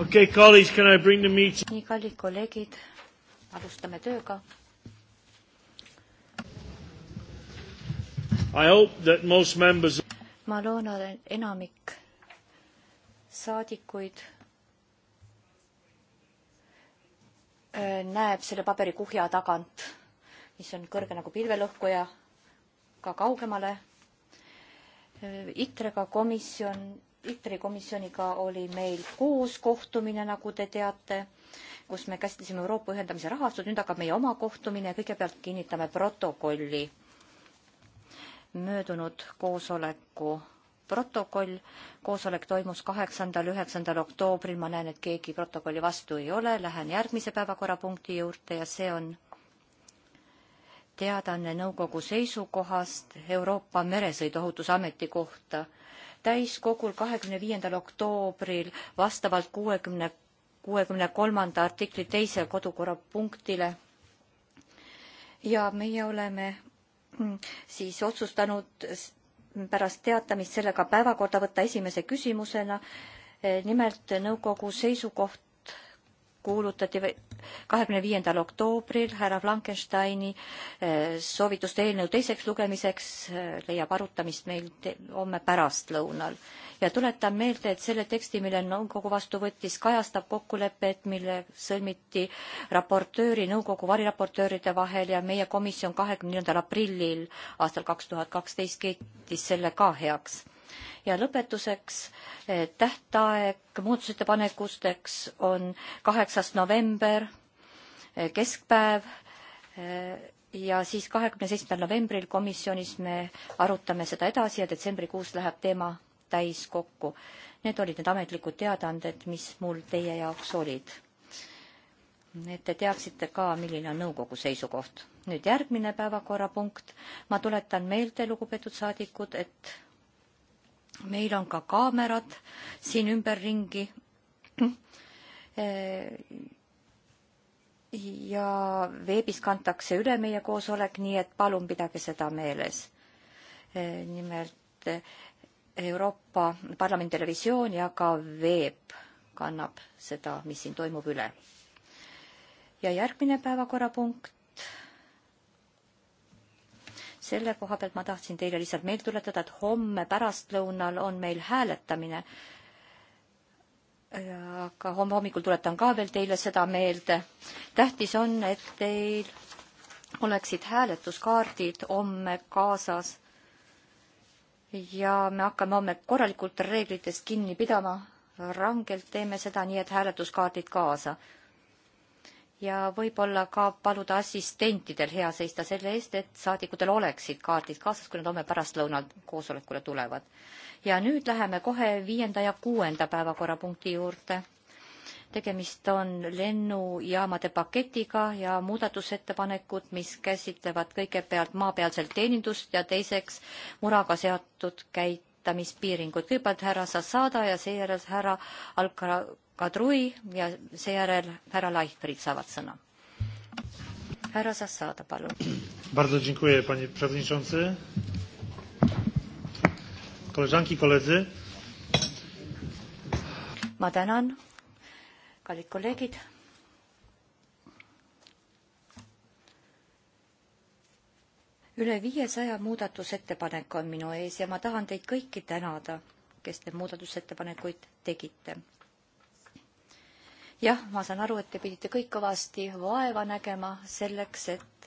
okei okay,, colleagues, can I bring the meeting? nii, kallid kolleegid, alustame tööga. I hope that most members ma loodan, et enamik saadikuid äh, näeb selle paberi kuhja tagant, mis on kõrge nagu pilvelõhkuja, ka kaugemale. Äh, ITREga komisjon ITRI komisjoniga oli meil koos kohtumine, nagu te teate, kus me käsitlesime Euroopa ühendamise rahastut, nüüd hakkab meie oma kohtumine, kõigepealt kinnitame protokolli. möödunud koosoleku protokoll, koosolek toimus kaheksandal, üheksandal oktoobril, ma näen, et keegi protokolli vastu ei ole, lähen järgmise päevakorrapunkti juurde ja see on teadaanne nõukogu seisukohast Euroopa Meresõiduohutusameti kohta täiskogul kahekümne viiendal oktoobril vastavalt kuuekümne, kuuekümne kolmanda artikli teise kodukorrapunktile. ja meie oleme mm, siis otsustanud pärast teatamist sellega päevakorda võtta esimese küsimusena, eh, nimelt nõukogu seisukoht kuulutati kahekümne viiendal oktoobril härra Flankensteini eh, soovituste eelnõu teiseks lugemiseks eh, leiab arutamist meil homme pärastlõunal ja tuletan meelde, et selle teksti, mille nõukogu vastu võttis, kajastab kokkulepet, mille sõlmiti raportööri, nõukogu variraportööride vahel ja meie komisjon kahekümne neljandal aprillil aastal kaks tuhat kaksteist kiitis selle ka heaks ja lõpetuseks eh, tähtaeg muudatusettepanekusteks on kaheksas november, eh, keskpäev eh, ja siis kahekümne seitsmendal novembril komisjonis me arutame seda edasi ja detsembrikuus läheb teema täiskokku. Need olid need ametlikud teadaanded, mis mul teie jaoks olid. et te teaksite ka, milline on nõukogu seisukoht. nüüd järgmine päevakorrapunkt. ma tuletan meelde, lugupeetud saadikud, et meil on ka kaamerad siin ümberringi. ja veebis kantakse üle meie koosolek, nii et palun pidage seda meeles. nimelt Euroopa Parlamendi televisioon ja ka veeb kannab seda, mis siin toimub, üle. ja järgmine päevakorrapunkt selle koha pealt ma tahtsin teile lihtsalt meelde tuletada, et homme pärastlõunal on meil hääletamine. aga homme hommikul tuletan ka veel teile seda meelde. tähtis on, et teil oleksid hääletuskaardid homme kaasas. ja me hakkame homme korralikult reeglitest kinni pidama. rangelt teeme seda nii, et hääletuskaardid kaasa ja võib-olla ka paluda assistentidel hea seista selle eest, et saadikutel oleksid kaardid kaasas, kui nad homme pärastlõunal koosolekule tulevad. ja nüüd läheme kohe viienda ja kuuenda päevakorrapunkti juurde. tegemist on lennujaamade paketiga ja muudatusettepanekud, mis käsitlevad kõigepealt maapealset teenindust ja teiseks muraga seatud käitamispiiringuid. kõigepealt härra Sassada ja seejärel härra Alkara Kadri ja seejärel härra Laihprid saavad sõna. härra Sassada, palun. Bardzo dziękuję, panie przewodniczący. Koleżanki, koledzy. ma tänan, kallid kolleegid üle viiesaja muudatusettepaneku on minu ees ja ma tahan teid kõiki tänada, kes te muudatusettepanekuid tegite jah, ma saan aru, et te pidite kõik kõvasti vaeva nägema selleks, et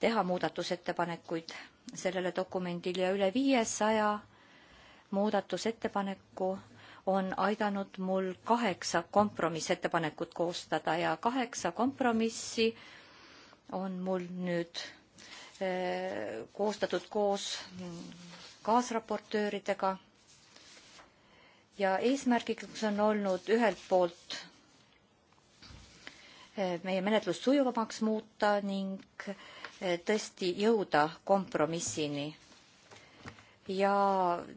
teha muudatusettepanekuid sellele dokumendile ja üle viiesaja muudatusettepaneku on aidanud mul kaheksa kompromissettepanekut koostada ja kaheksa kompromissi on mul nüüd eh, koostatud koos kaasraportööridega ja eesmärgiks on olnud ühelt poolt meie menetlust sujuvamaks muuta ning eh, tõesti jõuda kompromissini. ja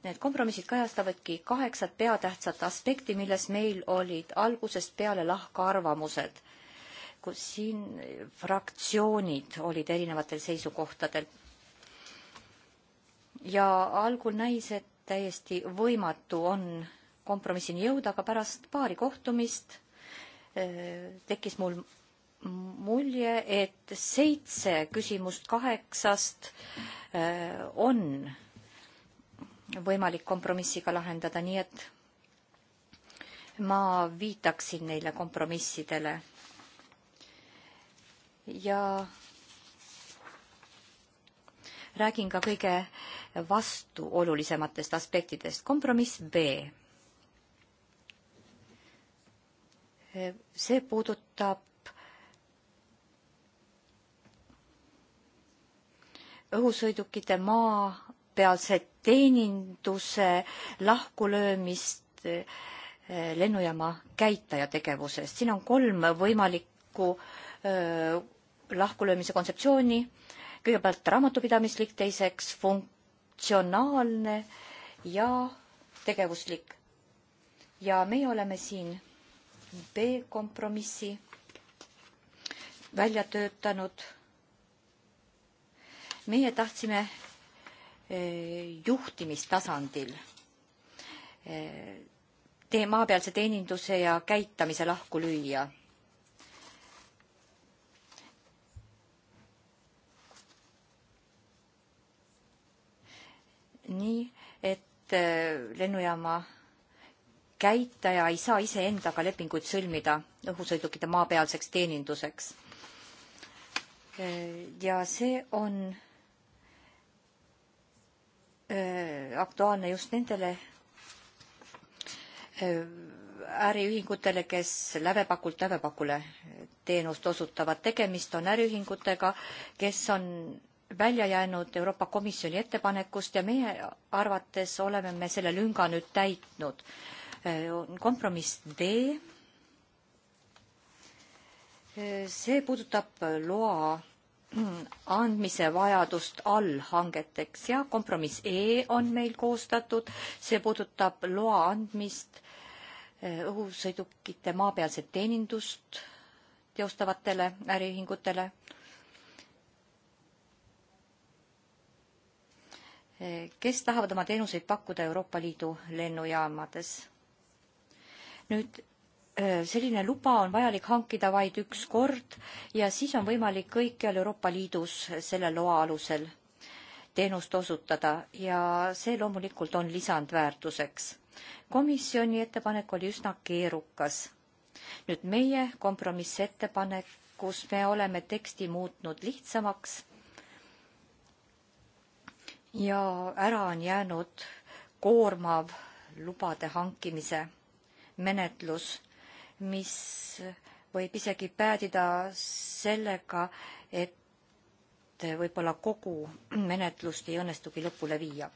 need kompromissid kajastavadki kaheksat peatähtsat aspekti, milles meil olid algusest peale lahkarvamused, kus siin fraktsioonid olid erinevatel seisukohtadel. ja algul näis, et täiesti võimatu on kompromissini jõuda, aga pärast paari kohtumist tekkis mul mulje, et seitse küsimust kaheksast äh, on võimalik kompromissiga lahendada, nii et ma viitaksin neile kompromissidele. ja räägin ka kõige vastuolulisematest aspektidest. kompromiss B see puudutab õhusõidukite maapealse teeninduse lahkulöömist eh, lennujaama käitleja tegevusest. siin on kolm võimalikku eh, lahkulöömise kontseptsiooni. kõigepealt raamatupidamislik, teiseks funktsionaalne ja tegevuslik. ja meie oleme siin B kompromissi välja töötanud. meie tahtsime eh, juhtimistasandil eh, tee maapealse teeninduse ja käitamise lahku lüüa. nii et eh, lennujaama käitaja ei saa iseendaga lepinguid sõlmida õhusõidukite maapealseks teeninduseks. ja see on äh, aktuaalne just nendele äh, äriühingutele, kes lävepakult lävepakule teenust osutavad. tegemist on äriühingutega, kes on välja jäänud Euroopa Komisjoni ettepanekust ja meie arvates oleme me selle lünga nüüd täitnud kompromiss D. see puudutab loa andmise vajadust allhangeteks ja kompromiss E on meil koostatud, see puudutab loa andmist eh, õhusõidukite maapealset teenindust teostavatele äriühingutele. Eh, kes tahavad oma teenuseid pakkuda Euroopa Liidu lennujaamades nüüd äh, selline luba on vajalik hankida vaid üks kord ja siis on võimalik kõikjal Euroopa Liidus selle loa alusel teenust osutada ja see loomulikult on lisandväärtuseks. komisjoni ettepanek oli üsna keerukas. nüüd meie kompromissettepanekus me oleme teksti muutnud lihtsamaks ja ära on jäänud koormav lubade hankimise menetlus, mis võib isegi päädida sellega, et võib-olla kogu menetlust ei õnnestugi lõpule viia.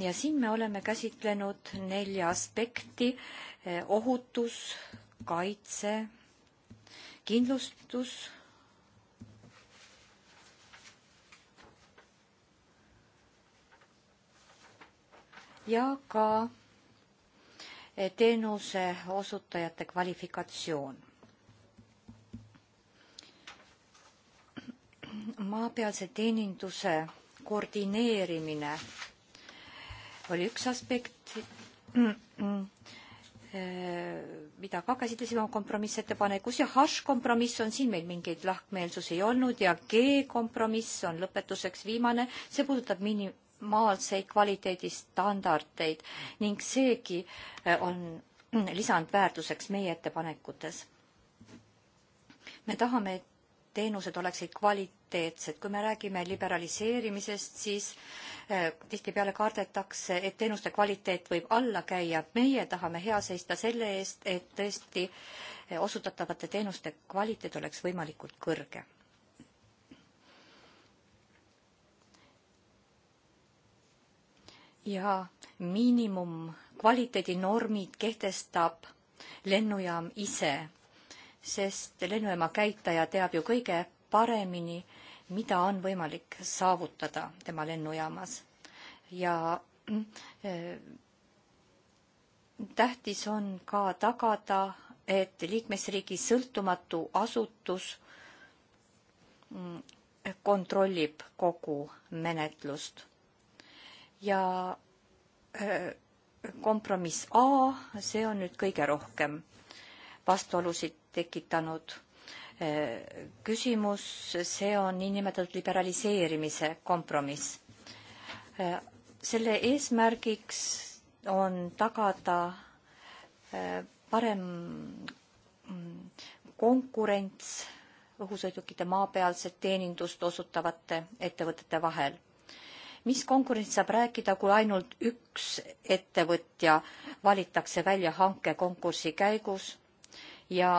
ja siin me oleme käsitlenud nelja aspekti, ohutus, kaitse, kindlustus ja ka eh, teenuse osutajate kvalifikatsioon. maapealse teeninduse koordineerimine oli üks aspekt, eh, mida ka käsitlesime kompromissettepanekus ja H-kompromiss on siin meil mingeid lahkmeelsusi ei olnud ja G-kompromiss on lõpetuseks viimane, see puudutab miini-, minimaalseid kvaliteedistandardeid ning seegi eh, on lisandväärtuseks meie ettepanekutes. me tahame, et teenused oleksid kvaliteetsed. kui me räägime liberaliseerimisest, siis eh, tihtipeale kardetakse, et teenuste kvaliteet võib alla käia. meie tahame hea seista selle eest, et tõesti eh, osutatavate teenuste kvaliteet oleks võimalikult kõrge ja miinimum kvaliteedinormid kehtestab lennujaam ise, sest lennujaama käitaja teab ju kõige paremini, mida on võimalik saavutada tema lennujaamas. ja mm, äh, tähtis on ka tagada, et liikmesriigi sõltumatu asutus mm, kontrollib kogu menetlust ja kompromiss A, see on nüüd kõige rohkem vastuolusid tekitanud küsimus, see on niinimetatud liberaliseerimise kompromiss. selle eesmärgiks on tagada parem mm, konkurents õhusõidukite maapealset teenindust osutavate ettevõtete vahel mis konkurents saab rääkida, kui ainult üks ettevõtja valitakse välja hankekonkursi käigus ja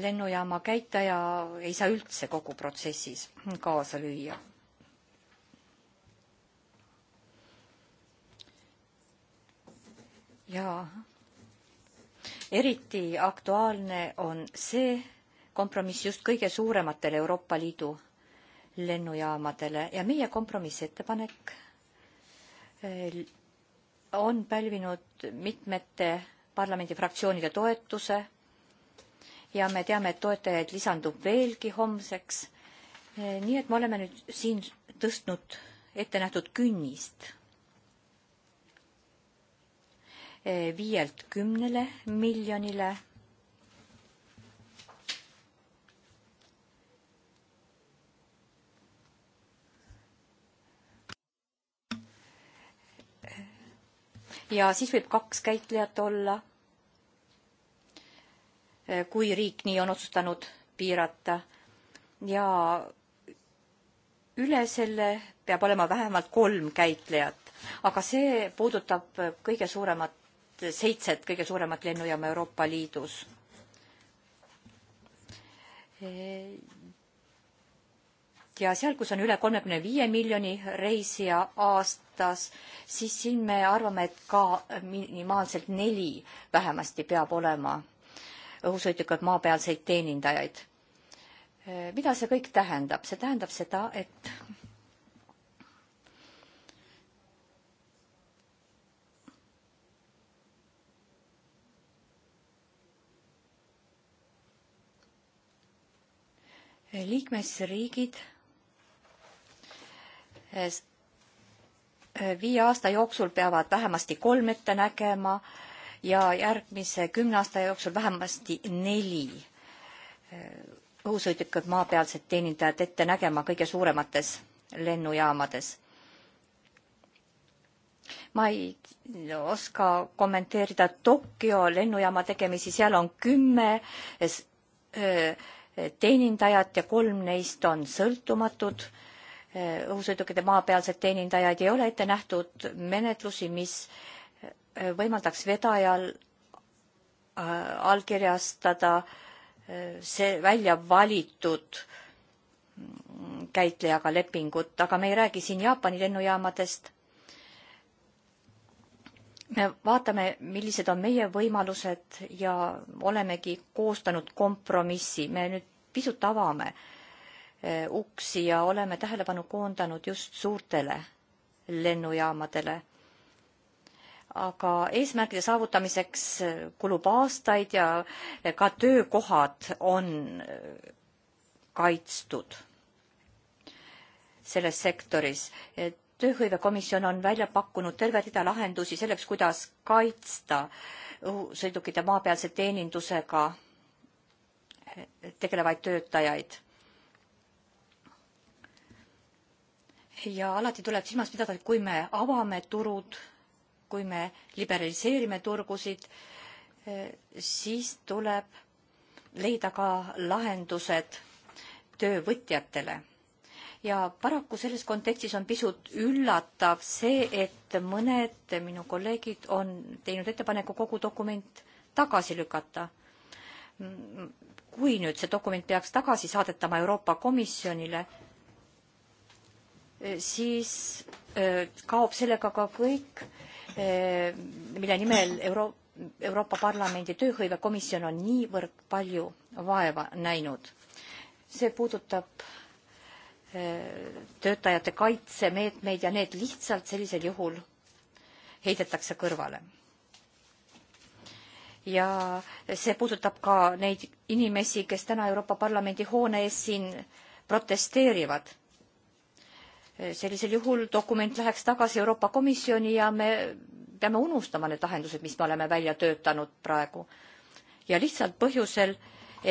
lennujaama käitaja ei saa üldse kogu protsessis kaasa lüüa. ja eriti aktuaalne on see kompromiss just kõige suurematele Euroopa Liidu lennujaamadele ja meie kompromissettepanek eh, on pälvinud mitmete parlamendifraktsioonide toetuse ja me teame, et toetajaid lisandub veelgi homseks. Eh, nii et me oleme nüüd siin tõstnud ette nähtud künnist eh, viielt kümnele miljonile ja siis võib kaks käitlejat olla, e, kui riik nii on otsustanud piirata ja üle selle peab olema vähemalt kolm käitlejat, aga see puudutab kõige suuremat, seitset kõige suuremat lennujaama Euroopa Liidus e, ja seal, kus on üle kolmekümne viie miljoni reisija aastas, siis siin me arvame, et ka minimaalselt neli vähemasti peab olema õhusõidukad maapealseid teenindajaid. mida see kõik tähendab? see tähendab seda, et liikmesriigid E, viie aasta jooksul peavad vähemasti kolm ette nägema ja järgmise kümne aasta jooksul vähemasti neli e, õhusõidukid maapealsed teenindajad ette nägema kõige suuremates lennujaamades. ma ei oska kommenteerida Tokyo lennujaama tegemisi, seal on kümme e, teenindajat ja kolm neist on sõltumatud Eh, õhusõidukite maapealseid teenindajaid, ei ole ette nähtud menetlusi, mis eh, võimaldaks vedajal eh, allkirjastada see välja valitud mm, käitlejaga lepingut, aga me ei räägi siin Jaapani lennujaamadest. me vaatame, millised on meie võimalused ja olemegi koostanud kompromissi, me nüüd pisut avame äh, Eh, uksi ja oleme tähelepanu koondanud just suurtele lennujaamadele. aga eesmärkide saavutamiseks kulub aastaid ja ka töökohad on kaitstud selles sektoris. tööhõivekomisjon on välja pakkunud terve rida lahendusi selleks, kuidas kaitsta õhusõidukite maapealse teenindusega tegelevaid töötajaid ja alati tuleb silmas pidada, et kui me avame turud, kui me liberaliseerime turgusid, eh, siis tuleb leida ka lahendused töövõtjatele. ja paraku selles kontekstis on pisut üllatav see, et mõned minu kolleegid on teinud ettepaneku kogu dokument tagasi lükata. kui nüüd see dokument peaks tagasi saadetama Euroopa Komisjonile, Äh, siis äh, kaob sellega ka kõik, äh, mille nimel Euro-, Euroopa Parlamendi tööhõivekomisjon on niivõrd palju vaeva näinud. see puudutab töötajate kaitsemeetmeid ja need lihtsalt sellisel juhul heidetakse kõrvale. ja see puudutab ka neid inimesi, kes täna Euroopa Parlamendi hoone ees siin protesteerivad Eh, sellisel juhul dokument läheks tagasi Euroopa Komisjoni ja me peame unustama need lahendused, mis me oleme välja töötanud praegu. ja lihtsalt põhjusel,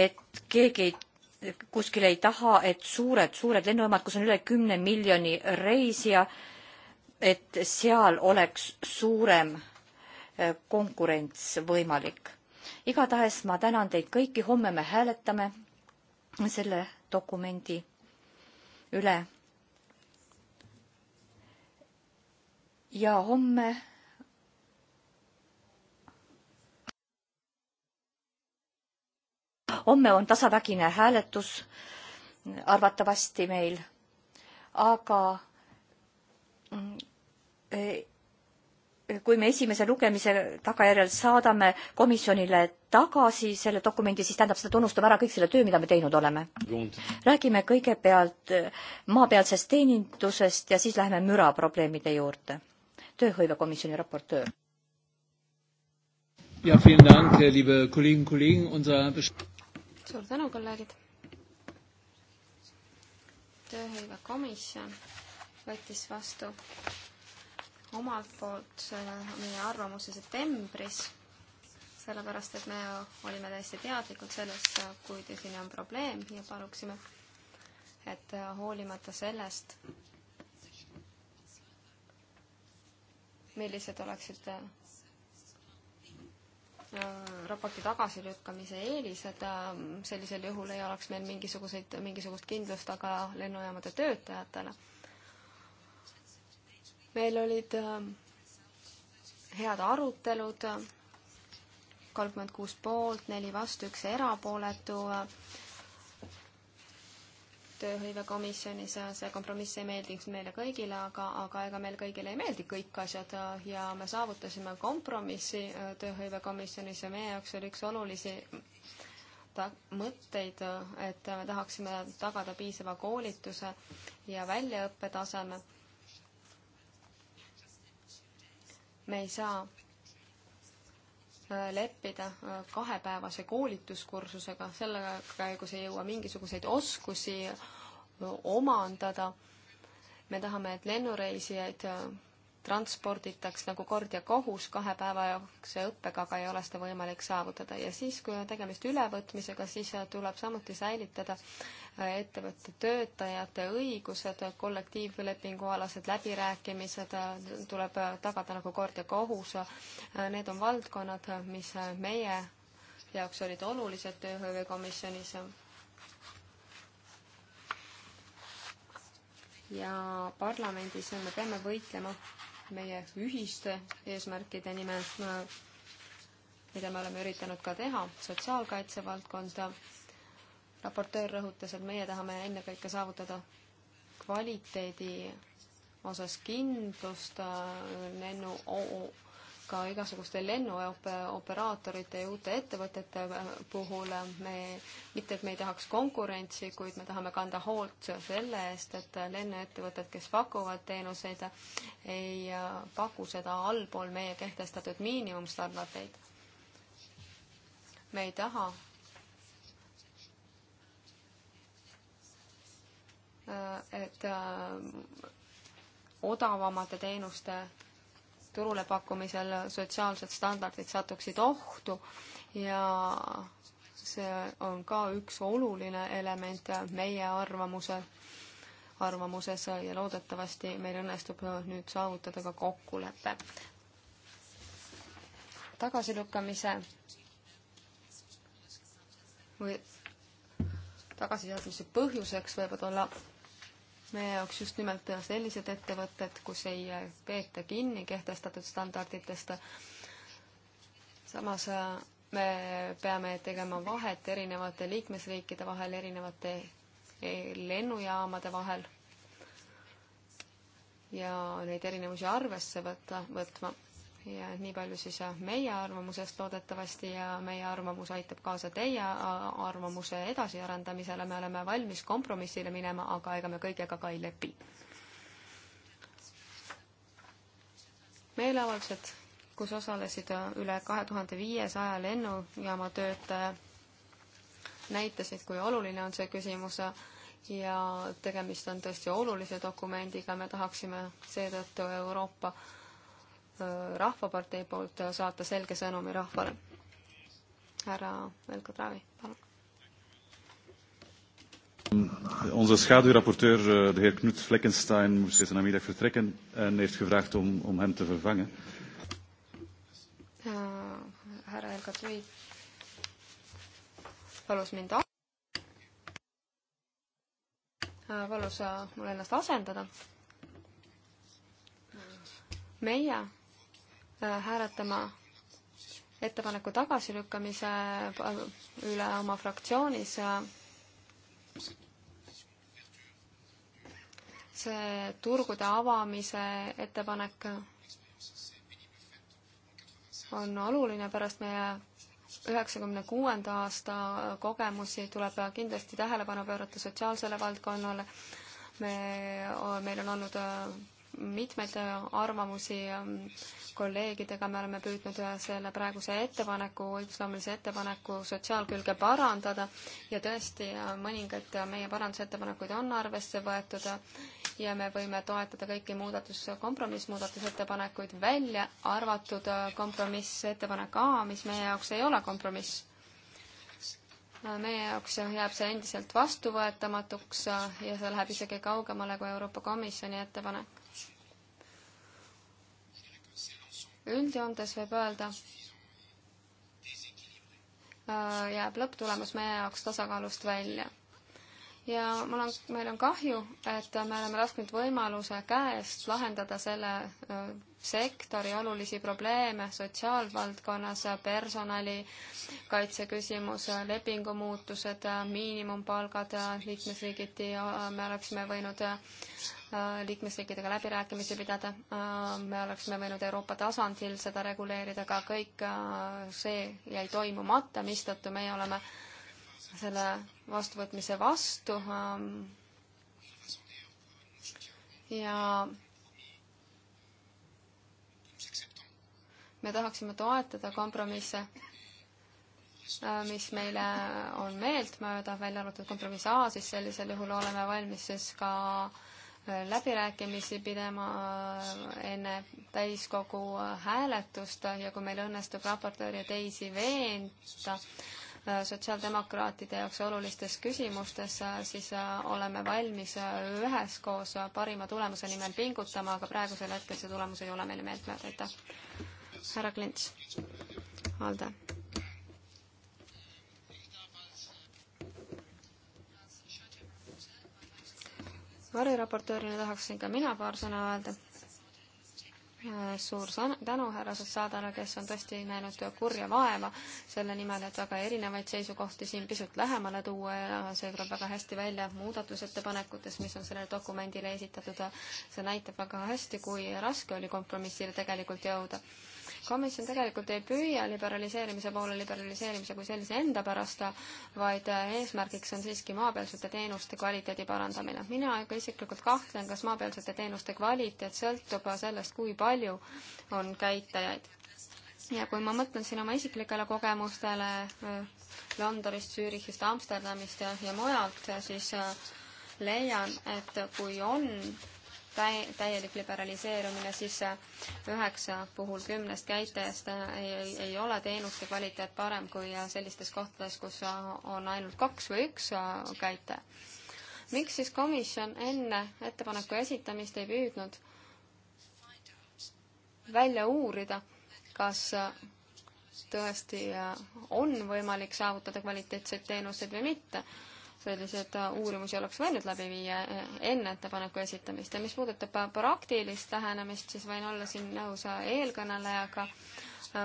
et keegi kuskil ei taha, et suured, suured lennujaamad, kus on üle kümne miljoni reisija, et seal oleks suurem eh, konkurents võimalik. igatahes ma tänan teid kõiki, homme me hääletame selle dokumendi üle ja homme homme on tasavägine hääletus arvatavasti meil, aga mm, eh, kui me esimese lugemise tagajärjel saadame komisjonile tagasi selle dokumendi, siis tähendab, seda tunnustab ära kõik selle töö, mida me teinud oleme. räägime kõigepealt maapealsest teenindusest ja siis läheme müraprobleemide juurde tööhõivekomisjoni raportöör. suur tänu, kolleegid. tööhõivekomisjon võttis vastu omalt poolt äh, meie arvamuse septembris, sellepärast et me olime täiesti teadlikud sellest, äh, kui tõsine on probleem ja paluksime, et äh, hoolimata sellest, millised oleksid äh, raporti tagasilükkamise eelised, äh, sellisel juhul ei oleks meil mingisuguseid, mingisugust kindlust aga lennujaamade töötajatele. meil olid äh, head arutelud, kolmkümmend kuus poolt, neli vastu, üks erapooletu tööhõivekomisjonis, see kompromiss ei meeldiks meile kõigile, aga, aga ega meil kõigile ei meeldi kõik asjad ja me saavutasime kompromissi tööhõivekomisjonis ja meie jaoks oli üks olulisi ta-, mõtteid, et me tahaksime tagada piisava koolituse ja väljaõppetaseme. me ei saa leppida äh, kahepäevase koolituskursusega, selle käigus ei jõua mingisuguseid oskusi äh, omandada. me tahame, et lennureisijaid äh, transporditaks nagu kord ja kohus, kahe päeva jooksul õppekaga ei ole seda võimalik saavutada ja siis, kui on tegemist ülevõtmisega, siis tuleb samuti säilitada äh, ettevõtte töötajate õigused, kollektiivlepingualased läbirääkimised äh, tuleb äh, tagada nagu kord ja kohus. Need on valdkonnad, mis meie jaoks olid olulised tööhõive komisjonis ja parlamendis me peame võitlema meie ühiste eesmärkide nimel, mida me oleme üritanud ka teha, sotsiaalkaitse valdkonda. raportöör rõhutas, et meie tahame ennekõike saavutada kvaliteedi osas kindlust äh, lennu ka igasuguste lennuoperaatorite ja uute ettevõtete äh, puhul äh, me, mitte et me ei tahaks konkurentsi, kuid me tahame kanda hoolt selle eest, et lennuettevõtted, kes pakuvad teenuseid, ei äh, paku seda allpool meie kehtestatud miinimumstandardeid. me ei taha et odavamate teenuste turule pakkumisel sotsiaalsed standardid satuksid ohtu ja see on ka üks oluline element meie arvamuse, arvamuses ja loodetavasti meil õnnestub nüüd saavutada ka kokkulepe. tagasilükkamise või tagasiseadmise põhjuseks võivad olla meie jaoks just nimelt sellised ettevõtted, kus ei peeta kinni kehtestatud standarditest. samas äh, me peame tegema vahet erinevate liikmesriikide vahel, erinevate eh, lennujaamade vahel ja neid erinevusi arvesse võtta, võtma ja nii palju siis äh, meie arvamusest loodetavasti ja meie arvamus aitab kaasa teie äh, arvamuse edasiarendamisele, me oleme valmis kompromissile minema, aga ega me kõigega ka ei lepi. meeleavaldused, kus osalesid äh, üle kahe tuhande viiesaja lennujaama töötaja, näitasid, kui oluline on see küsimus ja tegemist on tõesti olulise dokumendiga, me tahaksime seetõttu Euroopa Rahvapartei poolt saata selge sõnumi rahvale. härra Velko Traavi, palun. Onze schaduwrapporteur, eh, de heer Knut Fleckenstein, moest deze namiddag vertrekken en heeft gevraagd om, om hem te vervangen. Ja, härra Helga Trui palus mind palus eh, mul ennast asendada. meie Äh, hääletama ettepaneku tagasilükkamise äh, üle oma fraktsioonis. see turgude avamise ettepanek on oluline pärast meie üheksakümne kuuenda aasta kogemusi tuleb kindlasti tähelepanu pöörata sotsiaalsele valdkonnale. me, meil on olnud äh, mitmeid arvamusi ähm, kolleegidega, me oleme püüdnud äh, selle praeguse ettepaneku, õigusloomelise ettepaneku sotsiaalkülge parandada ja tõesti, äh, mõningaid äh, meie parandusettepanekuid on arvesse võetud ja me võime toetada kõiki muudatus, kompromissmuudatusettepanekuid välja, arvatud kompromissettepanek A, mis meie jaoks ei ole kompromiss. meie jaoks jääb see endiselt vastuvõetamatuks ja see läheb isegi kaugemale kui Euroopa Komisjoni ettepanek üldjoontes võib öelda, äh, jääb lõpptulemus meie jaoks tasakaalust välja. ja mul on, meil on kahju, et me oleme lasknud võimaluse käest lahendada selle äh, sektori olulisi probleeme sotsiaalvaldkonnas, personali kaitseküsimus, lepingumuutused, miinimumpalgad liikmesriigiti, äh, me oleksime võinud Äh, liikmesriikidega läbirääkimisi pidada. Äh, me oleksime võinud Euroopa tasandil seda reguleerida, aga kõik äh, see jäi toimumata, mistõttu meie oleme selle vastuvõtmise vastu. Ähm, ja me tahaksime toetada kompromisse, mis meile on meeltmööda, välja arvatud kompromiss A, siis sellisel juhul oleme valmis siis ka äh, läbirääkimisi pidama äh, enne täiskogu äh, hääletust ja kui meil õnnestub raportööri teisi veenda äh, sotsiaaldemokraatide jaoks olulistes küsimustes, siis oleme valmis üheskoos parima tulemuse nimel pingutama, aga praegusel hetkel see tulemus ei ole meile meeltmööda, aitäh. härra Klints, Alde variraportöörina tahaksin ka mina paar sõna öelda. Äh, suur tänu härra Sassadale, kes on tõesti näinud kurja vaeva selle nimel, et väga erinevaid seisukohti siin pisut lähemale tuua ja see tuleb väga hästi välja muudatusettepanekutes, mis on sellele dokumendile esitatud. see näitab väga hästi, kui raske oli kompromissile tegelikult jõuda komisjon tegelikult ei püüa liberaliseerimise poole liberaliseerimise kui sellise enda pärast, vaid äh, eesmärgiks on siiski maapealsete teenuste kvaliteedi parandamine. mina ka isiklikult kahtlen, kas maapealsete teenuste kvaliteet sõltub sellest, kui palju on käitajaid. ja kui ma mõtlen siin oma isiklikele kogemustele äh, Londonist, Zürichist, Amsterdamist ja, ja mujalt, siis äh, leian, et kui on täielik liberaliseerumine, siis üheksa puhul kümnest käitajast äh, ei, ei ole teenuste kvaliteet parem kui äh, sellistes kohtades, kus äh, on ainult kaks või üks käitaja. miks siis komisjon enne ettepaneku esitamist ei püüdnud välja uurida, kas tõesti on võimalik saavutada kvaliteetseid teenuseid või mitte selliseid äh, uurimusi oleks võinud läbi viia äh, enne ettepaneku esitamist ja mis puudutab äh, praktilist lähenemist, siis võin olla siin nõus eelkõnelejaga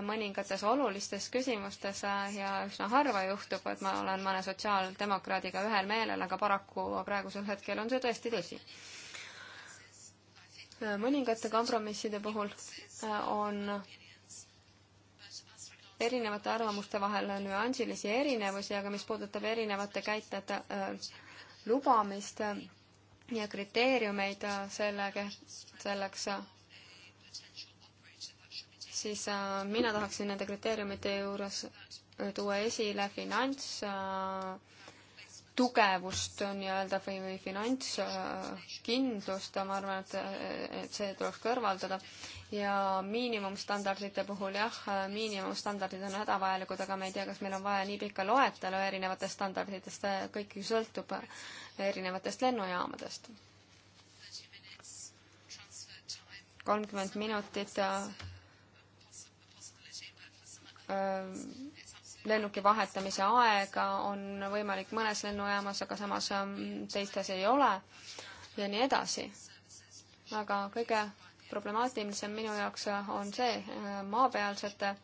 mõningates olulistes küsimustes ja üsna harva juhtub, et ma olen mõne sotsiaaldemokraadiga ühel meelel, aga paraku praegusel hetkel on see tõesti tõsi. mõningate kompromisside puhul on erinevate arvamuste vahel nüansilisi erinevusi, aga mis puudutab erinevate käitajate äh, lubamist äh, ja kriteeriumeid äh, sellega, selleks, siis mina tahaksin nende kriteeriumite juures tuua esile finants äh, tugevust nii-öelda või, või finantskindlust, ma arvan, et, et see tuleks kõrvaldada. ja miinimumstandardite puhul jah, miinimumstandardid on hädavajalikud, aga me ei tea, kas meil on vaja nii pikka loetelu erinevatest standarditest, kõik ju sõltub erinevatest lennujaamadest. kolmkümmend minutit äh, lennuki vahetamise aega on võimalik mõnes lennujaamas, aga samas ähm, teistes ei ole ja nii edasi. aga kõige problemaatilisem minu jaoks äh, on see äh, maapealsete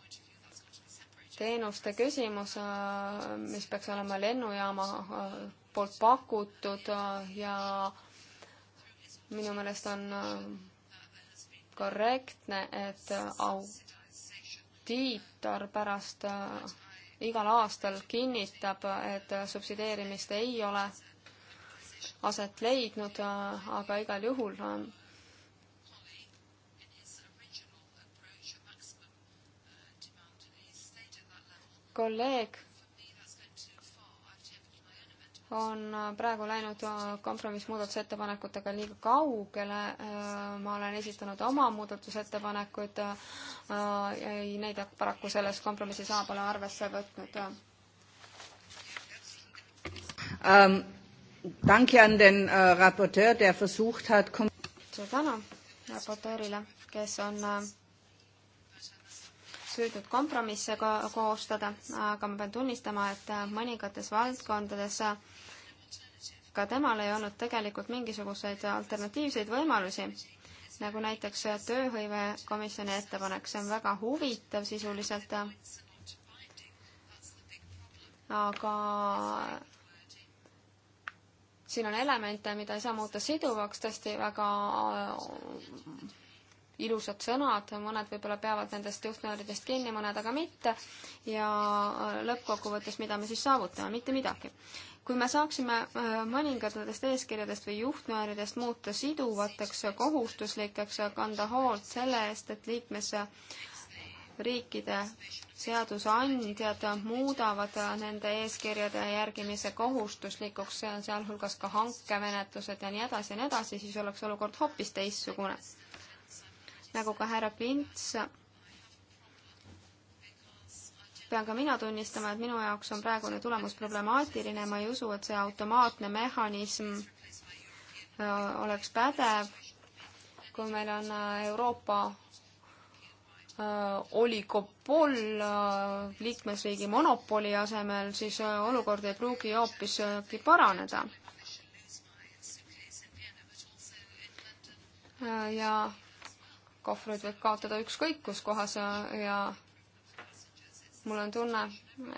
teenuste küsimus, äh, mis peaks olema lennujaama poolt pakutud ja minu meelest on korrektne, et audiitor pärast igal aastal kinnitab, et subsideerimist ei ole aset leidnud, aga igal juhul on kolleeg on praegu läinud kompromissmuudatusettepanekutega liiga kaugele. ma olen esitanud oma muudatusettepanekuid, äh, ei neid paraku selles kompromissis A pole arvesse võtnud ähm,. Danke an den äh, Raporteur, der versucht hat. suur tänu raportöörile, kes on äh, püüdnud kompromisse ko koostada, aga ma pean tunnistama, et mõningates valdkondades ka temal ei olnud tegelikult mingisuguseid alternatiivseid võimalusi, nagu näiteks tööhõivekomisjoni ettepanek, see on väga huvitav sisuliselt, aga siin on elemente, mida ei saa muuta siduvaks, tõesti väga ilusad sõnad, mõned võib-olla peavad nendest juhtnööridest kinni, mõned aga mitte, ja äh, lõppkokkuvõttes, mida me siis saavutame, mitte midagi. kui me saaksime äh, mõningad nendest eeskirjadest või juhtnööridest muuta siduvateks, kohustuslikeks ja kanda hoolt selle eest, et liikmes riikide seadusandjad muudavad nende eeskirjade järgimise kohustuslikuks, sealhulgas ka hankemenetlused ja nii edasi ja nii edasi, siis oleks olukord hoopis teistsugune nagu ka härra Pints, pean ka mina tunnistama, et minu jaoks on praegune tulemus problemaatiline, ma ei usu, et see automaatne mehhanism äh, oleks pädev, kui meil on äh, Euroopa äh, oligopol liikmesriigi monopoli asemel, siis olukord ei pruugi hoopiski paraneda. ja kohvrid võib kaotada ükskõik kus kohas ja mul on tunne,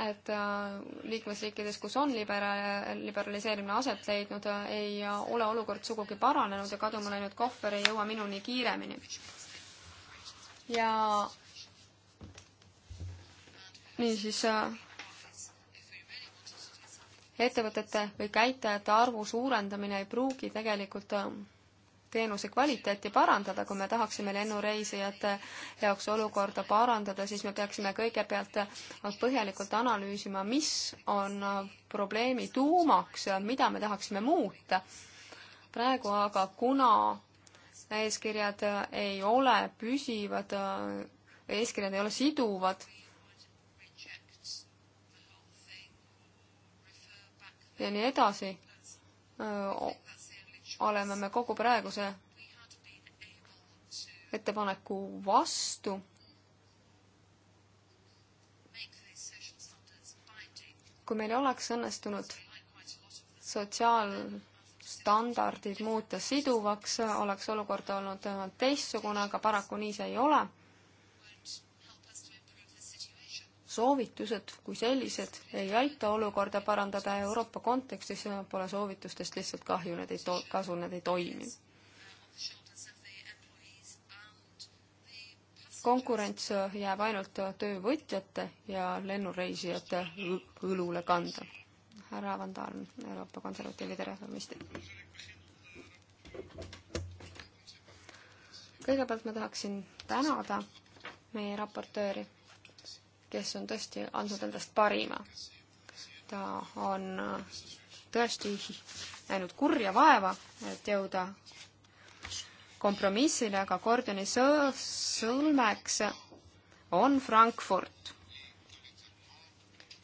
et äh, liikmesriikides, kus on libera-, liberaliseerimine aset leidnud, äh, ei ole olukord sugugi paranenud ja kaduma läinud kohver ei jõua minuni kiiremini. ja niisiis äh, ettevõtete või käitajate arvu suurendamine ei pruugi tegelikult teenuse kvaliteeti parandada, kui me tahaksime lennureisijate jaoks olukorda parandada, siis me peaksime kõigepealt põhjalikult analüüsima, mis on probleemi tuumaks, mida me tahaksime muuta. praegu aga, kuna eeskirjad ei ole püsivad, eeskirjad ei ole siduvad, ja nii edasi, oleme me kogu praeguse ettepaneku vastu. kui meil oleks õnnestunud sotsiaalstandardid muuta siduvaks, oleks olukord olnud teistsugune, aga paraku nii see ei ole soovitused kui sellised ei aita olukorda parandada Euroopa kontekstis, pole soovitustest lihtsalt kahju, need ei to-, kasu, need ei toimi. konkurents jääb ainult töövõtjate ja lennureisijate õlule kanda. härra Van Tarn, Euroopa Konservatiivide Reformistid. kõigepealt ma tahaksin tänada meie raportööri kes on tõesti andnud endast parima. ta on äh, tõesti näinud kurja vaeva, et jõuda kompromissile, aga Gordoni sõlmeks on Frankfurt.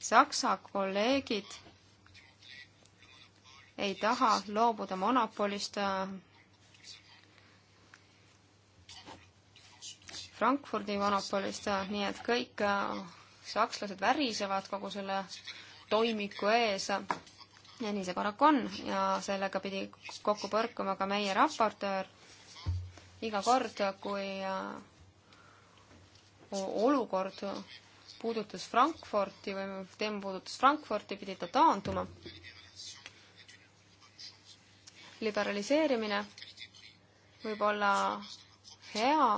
Saksa kolleegid ei taha loobuda monopolist äh, Frankfurdi monopolist, nii et kõik äh, sakslased värisevad kogu selle toimiku ees ja nii see paraku on ja sellega pidi kokku põrkuma ka meie raportöör. iga kord, kui äh, olukord puudutas Frankfurti või teema puudutas Frankfurti, pidi ta taanduma. liberaliseerimine võib olla hea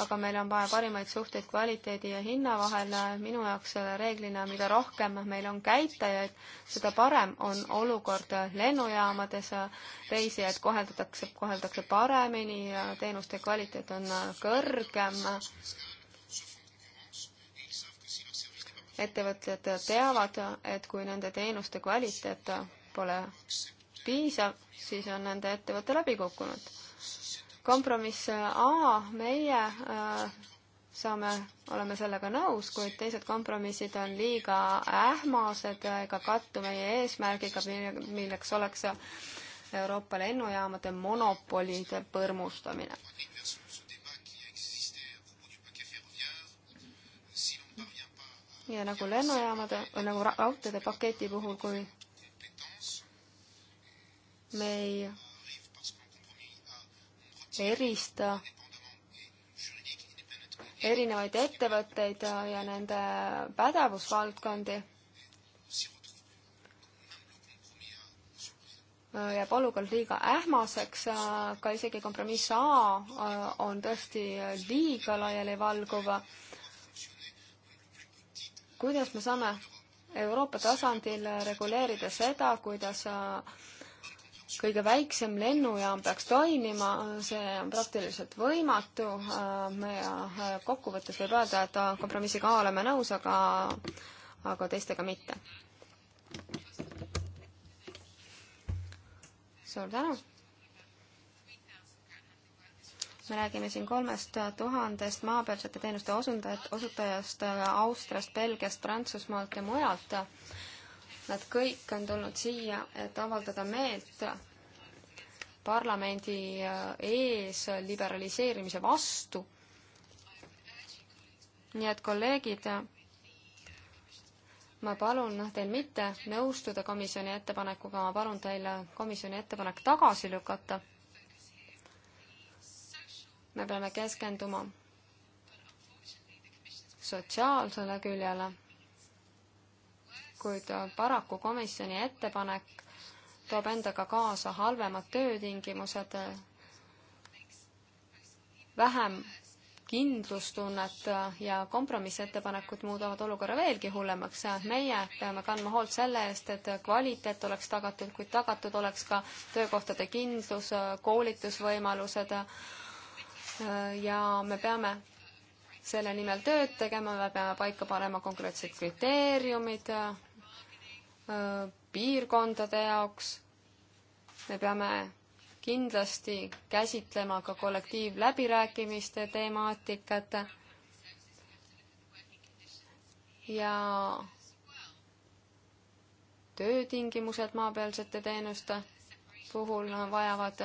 aga meil on vaja parimaid suhteid kvaliteedi ja hinna vahel. minu jaoks reeglina, mida rohkem meil on käitajaid, seda parem on olukord lennujaamades. reisijaid koheldatakse, koheldakse paremini ja teenuste kvaliteet on kõrgem. ettevõtjad teavad, et kui nende teenuste kvaliteet pole piisav, siis on nende ettevõte läbi kukkunud kompromiss äh, A, meie äh, saame, oleme sellega nõus, kuid teised kompromissid on liiga ähmased ega kattu meie eesmärgiga, milleks oleks Euroopa lennujaamade monopolide põrmustamine. ja nagu lennujaamade, nagu raudteede paketi puhul, kui me ei erista erinevaid ettevõtteid ja nende pädevusvaldkondi. jääb olukord liiga ähmaseks, ka isegi kompromiss A äh, on tõesti liiga laialivalguv. kuidas me saame Euroopa tasandil reguleerida seda, kuidas äh, kõige väiksem lennujaam peaks toimima, see on praktiliselt võimatu. me kokkuvõttes võib öelda, et kompromissiga A oleme nõus, aga, aga teistega mitte. suur tänu. me räägime siin kolmest tuhandest maapealsete teenuste osundajat, osutajast Austriast, Belgiast, Prantsusmaalt ja mujalt Nad kõik on tulnud siia, et avaldada meelt parlamendi äh, ees liberaliseerimise vastu. nii et kolleegid, ma palun teil mitte nõustuda komisjoni ettepanekuga, ma palun teil komisjoni ettepanek tagasi lükata. me peame keskenduma sotsiaalsele küljele kuid paraku komisjoni ettepanek toob endaga kaasa halvemad töötingimused, vähem kindlustunnet ja kompromissettepanekud muudavad olukorra veelgi hullemaks. meie peame kandma hoolt selle eest, et kvaliteet oleks tagatud, kuid tagatud oleks ka töökohtade kindlus, koolitusvõimalused ja me peame selle nimel tööd tegema, me peame paika panema konkreetsed kriteeriumid piirkondade jaoks. me peame kindlasti käsitlema ka kollektiivläbirääkimiste temaatikat ja töötingimused maapealsete teenuste puhul vajavad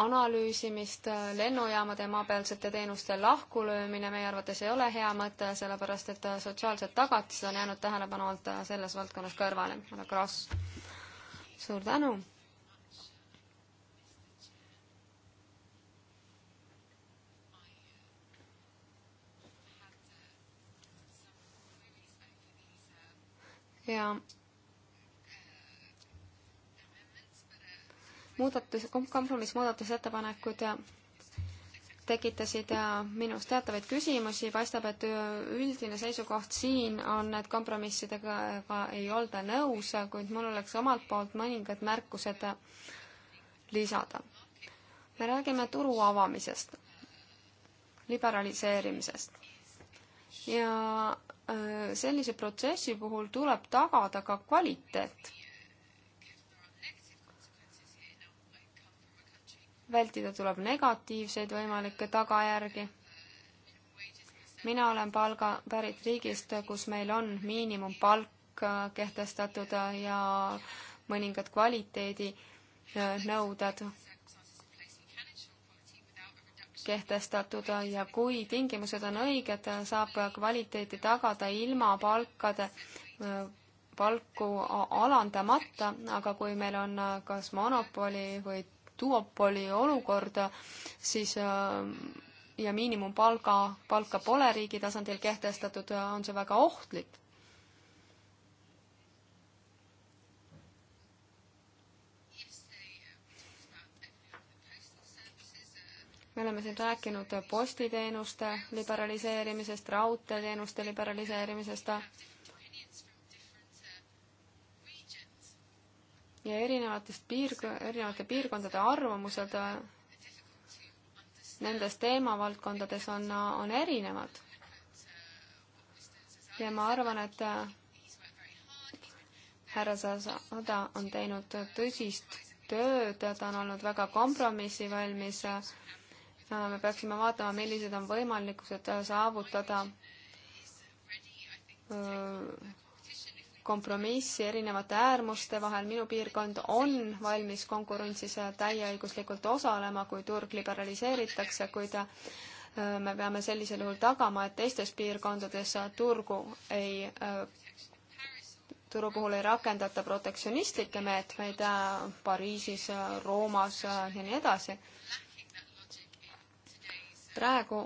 analüüsimist, äh, lennujaamade ja maapealsete teenuste lahkulöömine meie arvates ei ole hea mõte, sellepärast et äh, sotsiaalsed tagatised on jäänud tähelepanu alt äh, selles valdkonnas kõrvale. härra Kross, suur tänu! ja muudatus, kompromissmuudatusettepanekud tekitasid minus teatavaid küsimusi, paistab, et üldine seisukoht siin on, et kompromissidega ei olda nõus, kuid mul oleks omalt poolt mõningad märkused lisada. me räägime turu avamisest, liberaliseerimisest ja äh, sellise protsessi puhul tuleb tagada ka kvaliteet vältida tuleb negatiivseid võimalikke tagajärgi. mina olen palga, pärit riigist, kus meil on miinimumpalk äh, kehtestatud äh, ja mõningad kvaliteedinõuded äh, kehtestatud ja kui tingimused on õiged, saab kvaliteeti tagada ilma palkade, palku alandamata, aga kui meil on kas monopoli või duopoli olukorda, siis äh, ja miinimumpalga, palka pole riigi tasandil kehtestatud, äh, on see väga ohtlik me oleme siin rääkinud postiteenuste liberaliseerimisest, raudteeteenuste liberaliseerimisest ja erinevatest piirg-, erinevate piirkondade arvamused äh, nendes teemavaldkondades on, on erinevad. ja ma arvan, et äh, härra Zasada on teinud tõsist tööd, ta on olnud väga kompromissivalmis. Äh, me peaksime vaatama, millised on võimalikkused saavutada öö, kompromissi erinevate äärmuste vahel, minu piirkond on valmis konkurentsis täieõiguslikult osalema, kui turg liberaliseeritakse, kuid äh, me peame sellisel juhul tagama, et teistes piirkondades turgu ei, äh, turu puhul ei rakendata protektsionistlikke meetmeid äh, Pariisis, Roomas ja nii edasi. praegu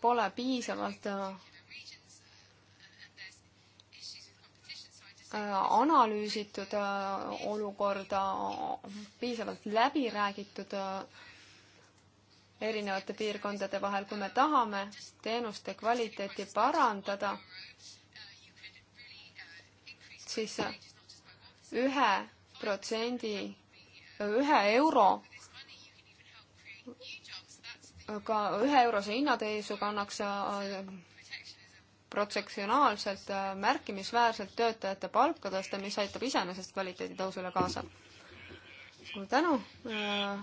pole piisavalt analüüsitud äh, olukorda, äh, piisavalt läbi räägitud äh, erinevate piirkondade vahel, kui me tahame teenuste kvaliteeti parandada, siis ühe protsendi, ühe euro ka üheeurose hinnatõusuga annaks protsessionaalselt äh, märkimisväärselt töötajate palka tõsta, mis aitab iseenesest kvaliteedi tõusule kaasa. suur tänu äh,.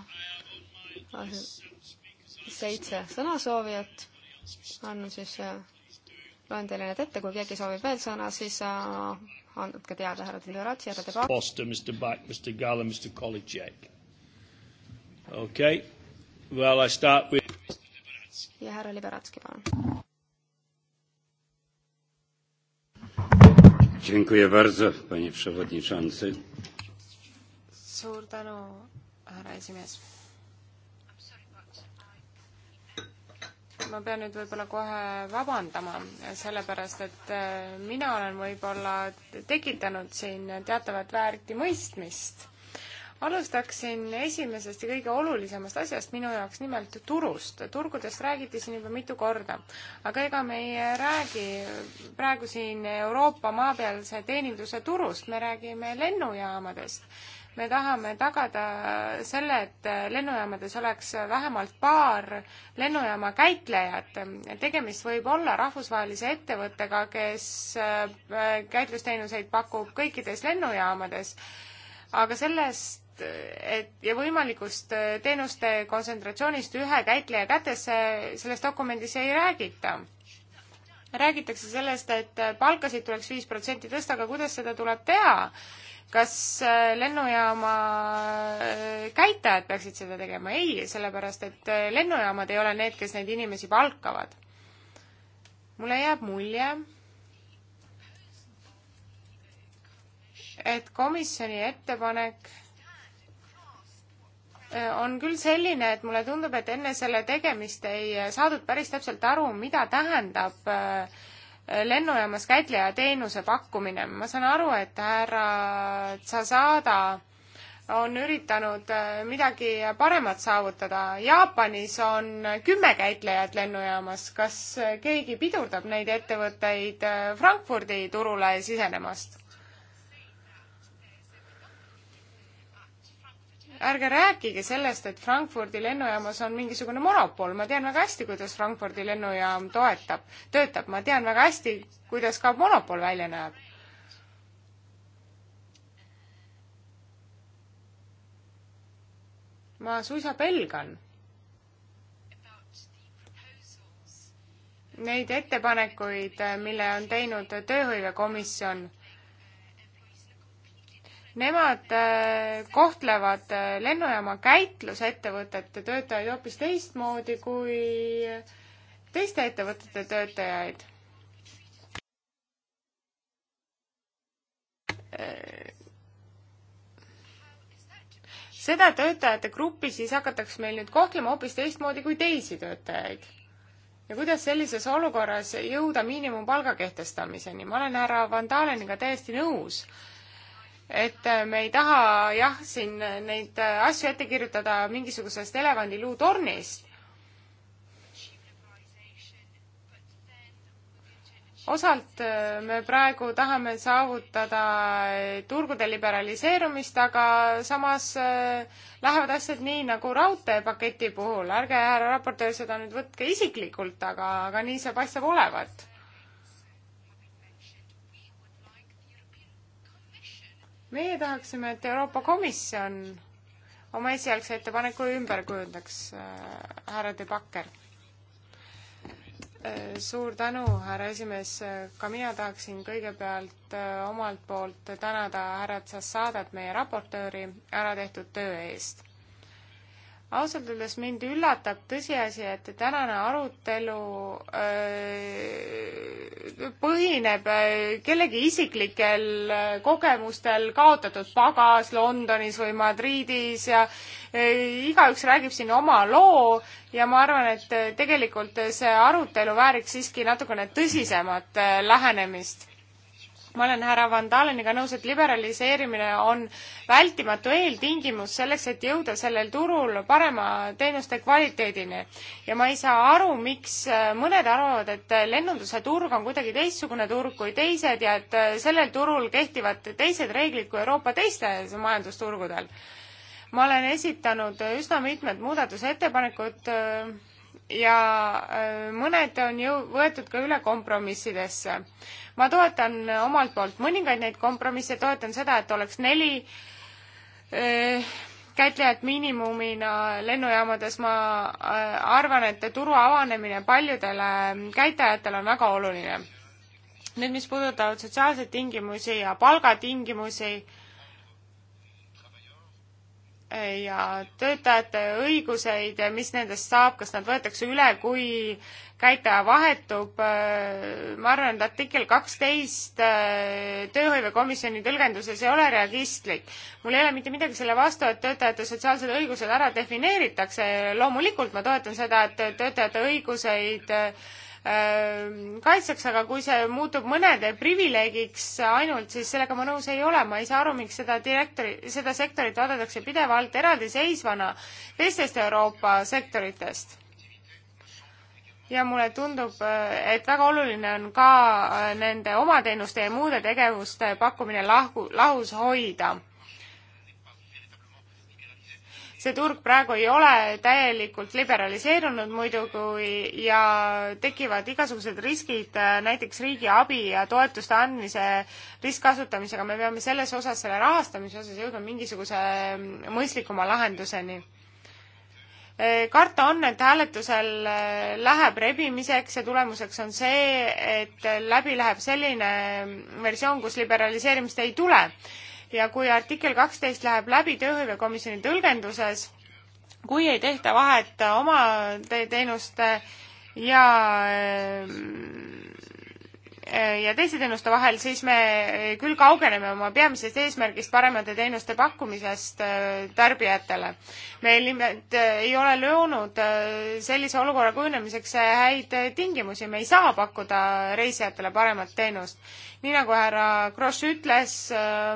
seitse sõnasoovijat. annan siis äh,, loen teile need ette, kui keegi soovib veel sõna, siis äh, andke teada, härra Deloratsi, härra Deba-. Foster, Mr Back, Mr Gala, Mr Kolicek. okei okay., well I start with. ja härra Liberatski, palun Dziękuję bardzo, panie przewodniczący. Suur tänu, härra esimees. ma pean nüüd võib-olla kohe vabandama, sellepärast et äh, mina olen võib-olla tekitanud siin teatavat väärtimõistmist alustaksin esimesest ja kõige olulisemast asjast minu jaoks, nimelt turust. turgudest räägiti siin juba mitu korda, aga ega me ei räägi praegu siin Euroopa maapealse teeninduse turust, me räägime lennujaamadest me tahame tagada selle, et lennujaamades oleks vähemalt paar lennujaama käitlejat. tegemist võib olla rahvusvahelise ettevõttega, kes äh, käitlusteenuseid pakub kõikides lennujaamades, aga sellest et ja võimalikust äh, teenuste kontsentratsioonist ühe käitleja kätesse selles dokumendis ei räägita. räägitakse sellest, et äh, palkasid tuleks viis protsenti tõsta, aga kuidas seda tuleb teha? kas äh, lennujaama käitajad peaksid seda tegema? ei, sellepärast et lennujaamad ei ole need, kes neid inimesi palkavad. mulle jääb mulje, et komisjoni ettepanek Äh, on küll selline, et mulle tundub, et enne selle tegemist ei äh, saadud päris täpselt aru, mida tähendab äh, lennujaamas käitleja teenuse pakkumine. ma saan aru, et härra Tsasada on üritanud midagi paremat saavutada. Jaapanis on kümme käitlejat lennujaamas. kas keegi pidurdab neid ettevõtteid Frankfurdi turule sisenemast? ärge rääkige sellest, et Frankfurdi lennujaamas on mingisugune monopol, ma tean väga hästi, kuidas Frankfurdi lennujaam toetab, töötab, ma tean väga hästi, kuidas ka monopol välja näeb. ma suisa pelgan neid ettepanekuid, mille on teinud tööhõivekomisjon nemad äh, kohtlevad äh, lennujaama käitlusettevõtete töötajaid hoopis teistmoodi kui teiste ettevõtete töötajaid. Äh, seda töötajate gruppi siis hakatakse meil nüüd kohtlema hoopis teistmoodi kui teisi töötajaid. ja kuidas sellises olukorras jõuda miinimumpalga kehtestamiseni? ma olen härra Van Daleniga täiesti nõus et äh, me ei taha jah, siin neid äh, asju ette kirjutada mingisugusest elevandiluutornist. osalt äh, me praegu tahame saavutada turgude liberaliseerumist, aga samas lähevad asjad nii nagu raudteepaketi puhul, ärge härra raportöör seda nüüd võtke isiklikult, aga, aga nii see paistab olevat meie tahaksime, et Euroopa Komisjon oma esialgse ettepaneku ümber kujundaks, äh, härra De Backer. Äh, suur tänu, härra esimees, ka mina tahaksin kõigepealt äh, omalt poolt tänada härra Zassadat, meie raportööri, ära tehtud töö eest ausalt öeldes mind üllatab tõsiasi, et tänane arutelu öö, äh, põhineb äh, kellegi isiklikel äh, kogemustel, kaotatud pagas Londonis või Madridis ja igaüks räägib siin oma loo ja ma arvan, et tegelikult see arutelu vääriks siiski natukene tõsisemat lähenemist ma olen härra Van Daleniga nõus, et liberaliseerimine on vältimatu eeltingimus selleks, et jõuda sellel turul parema teenuste kvaliteedini. ja ma ei saa aru, miks äh, mõned arvavad, et lennunduse turg on kuidagi teistsugune turg kui teised ja et äh, sellel turul kehtivad teised reeglid kui Euroopa teistes majandusturgudel. ma olen esitanud üsna mitmed muudatusettepanekud äh, ja äh, mõned on ju võetud ka üle kompromissidesse. ma toetan äh, omalt poolt mõningaid neid kompromisse, toetan seda, et oleks neli äh, kätlejat miinimumina lennujaamades, ma arvan, et turu avanemine paljudele käitajatele on väga oluline. nüüd, mis puudutavad sotsiaalseid tingimusi ja palgatingimusi, ja töötajate õiguseid, mis nendest saab, kas nad võetakse üle, kui käitleja vahetub, ma arvan, et artikkel kaksteist äh, tööhõivekomisjoni tõlgenduses ei ole realistlik. mul ei ole mitte midagi selle vastu, et töötajate sotsiaalsed õigused ära defineeritakse, loomulikult ma toetan seda, et töötajate õiguseid äh, Ähm, kaitseks, aga kui see muutub mõnede privileegiks ainult, siis sellega ma nõus ei ole, ma ei saa aru, miks seda direktori, seda sektorit vaadatakse pidevalt eraldiseisvana teistest Euroopa sektoritest. ja mulle tundub, äh, et väga oluline on ka äh, nende oma teenuste ja muude tegevuste pakkumine lahku, lahus hoida see turg praegu ei ole täielikult liberaliseerunud muidugi ja tekivad igasugused riskid, näiteks riigi abi ja toetuste andmise ristkasutamisega, me peame selles osas, selle rahastamise osas jõudma mingisuguse mõistlikuma lahenduseni karta on, et hääletusel läheb rebimiseks ja tulemuseks on see, et läbi läheb selline versioon, kus liberaliseerimist ei tule ja kui artikkel kaksteist läheb läbi tööhõivekomisjoni tõlgenduses, kui ei tehta vahet oma teenuste ja Äh, ja teiste teenuste vahel, siis me küll kaugeneme oma peamisest eesmärgist paremate teenuste pakkumisest äh, tarbijatele. meil nimelt äh, ei ole löönud sellise olukorra kujunemiseks häid tingimusi, me ei saa pakkuda reisijatele paremat teenust. nii nagu härra Kross ütles,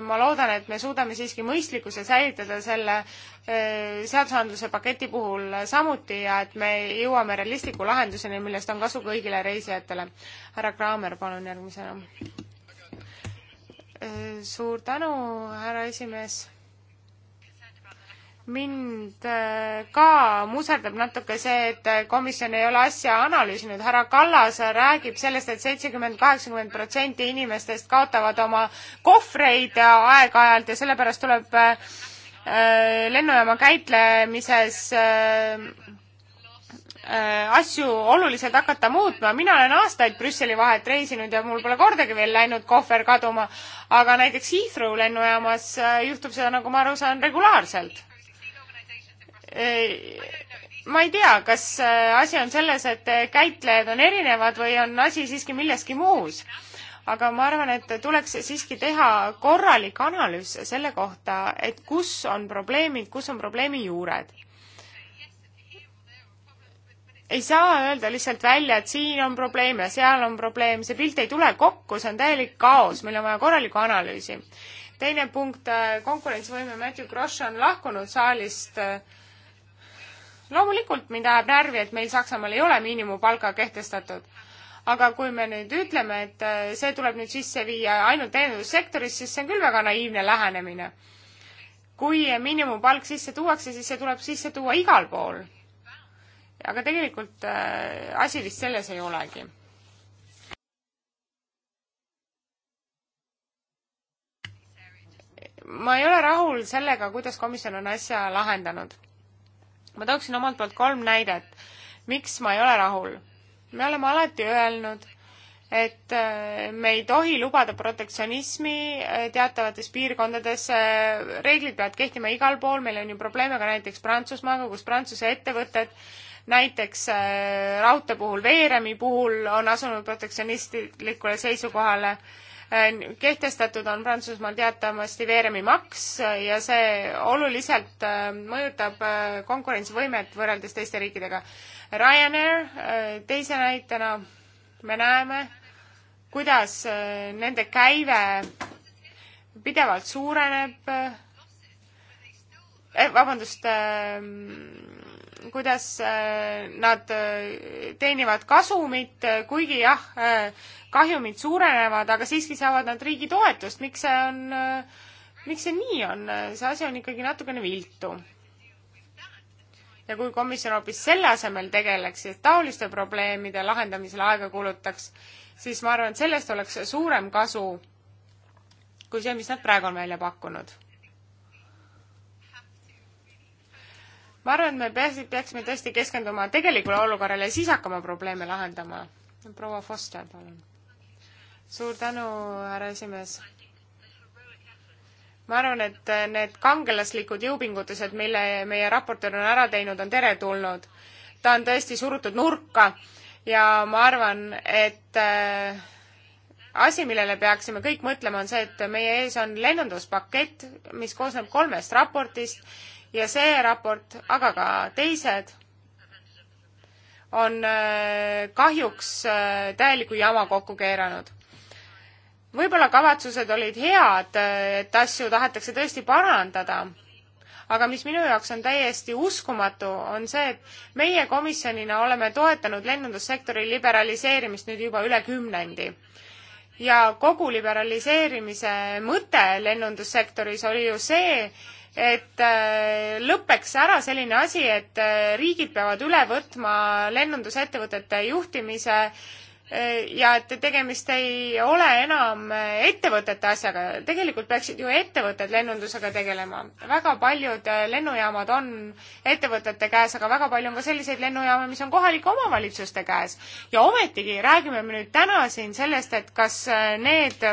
ma loodan, et me suudame siiski mõistlikkuse säilitada selle Äh, seadusandluse paketi puhul samuti ja et me jõuame realistliku lahenduseni, millest on kasu kõigile reisijatele. härra Kraamer, palun järgmisena. Äh, suur tänu, härra esimees. mind äh, ka muserdab natuke see, et komisjon ei ole asja analüüsinud. härra Kallas räägib sellest et, et seitsekümmend, kaheksakümmend protsenti inimestest kaotavad oma kohvreid aeg-ajalt ja sellepärast tuleb Äh, lennujaama käitlemises äh, äh, asju oluliselt hakata muutma. mina olen aastaid Brüsseli vahet reisinud ja mul pole kordagi veel läinud kohver kaduma, aga näiteks Heathrow lennujaamas juhtub seda, nagu ma aru saan, regulaarselt. ma ei tea, kas asi on selles, et käitlejad on erinevad või on asi siiski milleski muus aga ma arvan, et tuleks siiski teha korralik analüüs selle kohta, et kus on probleemid, kus on probleemi juured. ei saa öelda lihtsalt välja, et siin on probleem ja seal on probleem, see pilt ei tule kokku, see on täielik kaos, meil on vaja korralikku analüüsi. teine punkt, äh, konkurentsivõime, Matthew Grosh on lahkunud saalist loomulikult mind ajab närvi, et meil Saksamaal ei ole miinimumpalka kehtestatud aga kui me nüüd ütleme, et äh, see tuleb nüüd sisse viia ainult teenindussektoris, siis see on küll väga naiivne lähenemine. kui miinimumpalk sisse tuuakse, siis see tuleb sisse tuua igal pool. aga tegelikult äh, asi vist selles ei olegi. ma ei ole rahul sellega, kuidas komisjon on asja lahendanud. ma tooksin omalt poolt kolm näidet, miks ma ei ole rahul me oleme alati öelnud, et äh, me ei tohi lubada protektsionismi äh, teatavates piirkondades, äh, reeglid peavad kehtima igal pool, meil on ju probleeme ka näiteks Prantsusmaaga, kus Prantsuse ettevõtted näiteks raudtee puhul, veeremi puhul on asunud protektsionistlikule seisukohale Äh, kehtestatud on Prantsusmaal teatavasti veeremimaks ja see oluliselt äh, mõjutab äh, konkurentsivõimet võrreldes teiste riikidega. Ryanair teise näitena me näeme, kuidas nende käive pidevalt suureneb, eh, vabandust, ähm, kuidas äh, nad äh, teenivad kasumit, äh, kuigi jah, kahjumid suurenevad, aga siiski saavad nad riigi toetust, miks see on, miks see nii on, see asi on ikkagi natukene viltu. ja kui komisjon hoopis selle asemel tegeleks ja taoliste probleemide lahendamisele aega kulutaks, siis ma arvan, et sellest oleks suurem kasu kui see, mis nad praegu on välja pakkunud ma arvan, et me peaks, peaksime tõesti keskenduma tegelikule olukorrale ja siis hakkama probleeme lahendama. proua Foster, palun. suur tänu, härra esimees. ma arvan, et need kangelaslikud jõupingutused, mille meie raportöör on ära teinud, on teretulnud. ta on tõesti surutud nurka ja ma arvan, et äh, asi, millele peaksime kõik mõtlema, on see, et meie ees on lennunduspakett, mis koosneb kolmest raportist ja see raport, aga ka teised, on äh, kahjuks äh, täieliku jama kokku keeranud. võib-olla kavatsused olid head, äh, et asju tahetakse tõesti parandada, aga mis minu jaoks on täiesti uskumatu, on see, et meie komisjonina oleme toetanud lennundussektori liberaliseerimist nüüd juba üle kümnendi ja kogu liberaliseerimise mõte lennundussektoris oli ju see, et äh, lõpeks ära selline asi, et äh, riigid peavad üle võtma lennundusettevõtete juhtimise äh, ja et tegemist ei ole enam ettevõtete asjaga. tegelikult peaksid ju ettevõtted lennundusega tegelema. väga paljud lennujaamad on ettevõtete käes, aga väga palju on ka selliseid lennujaama, mis on kohalike omavalitsuste käes. ja ometigi räägime me nüüd täna siin sellest, et kas need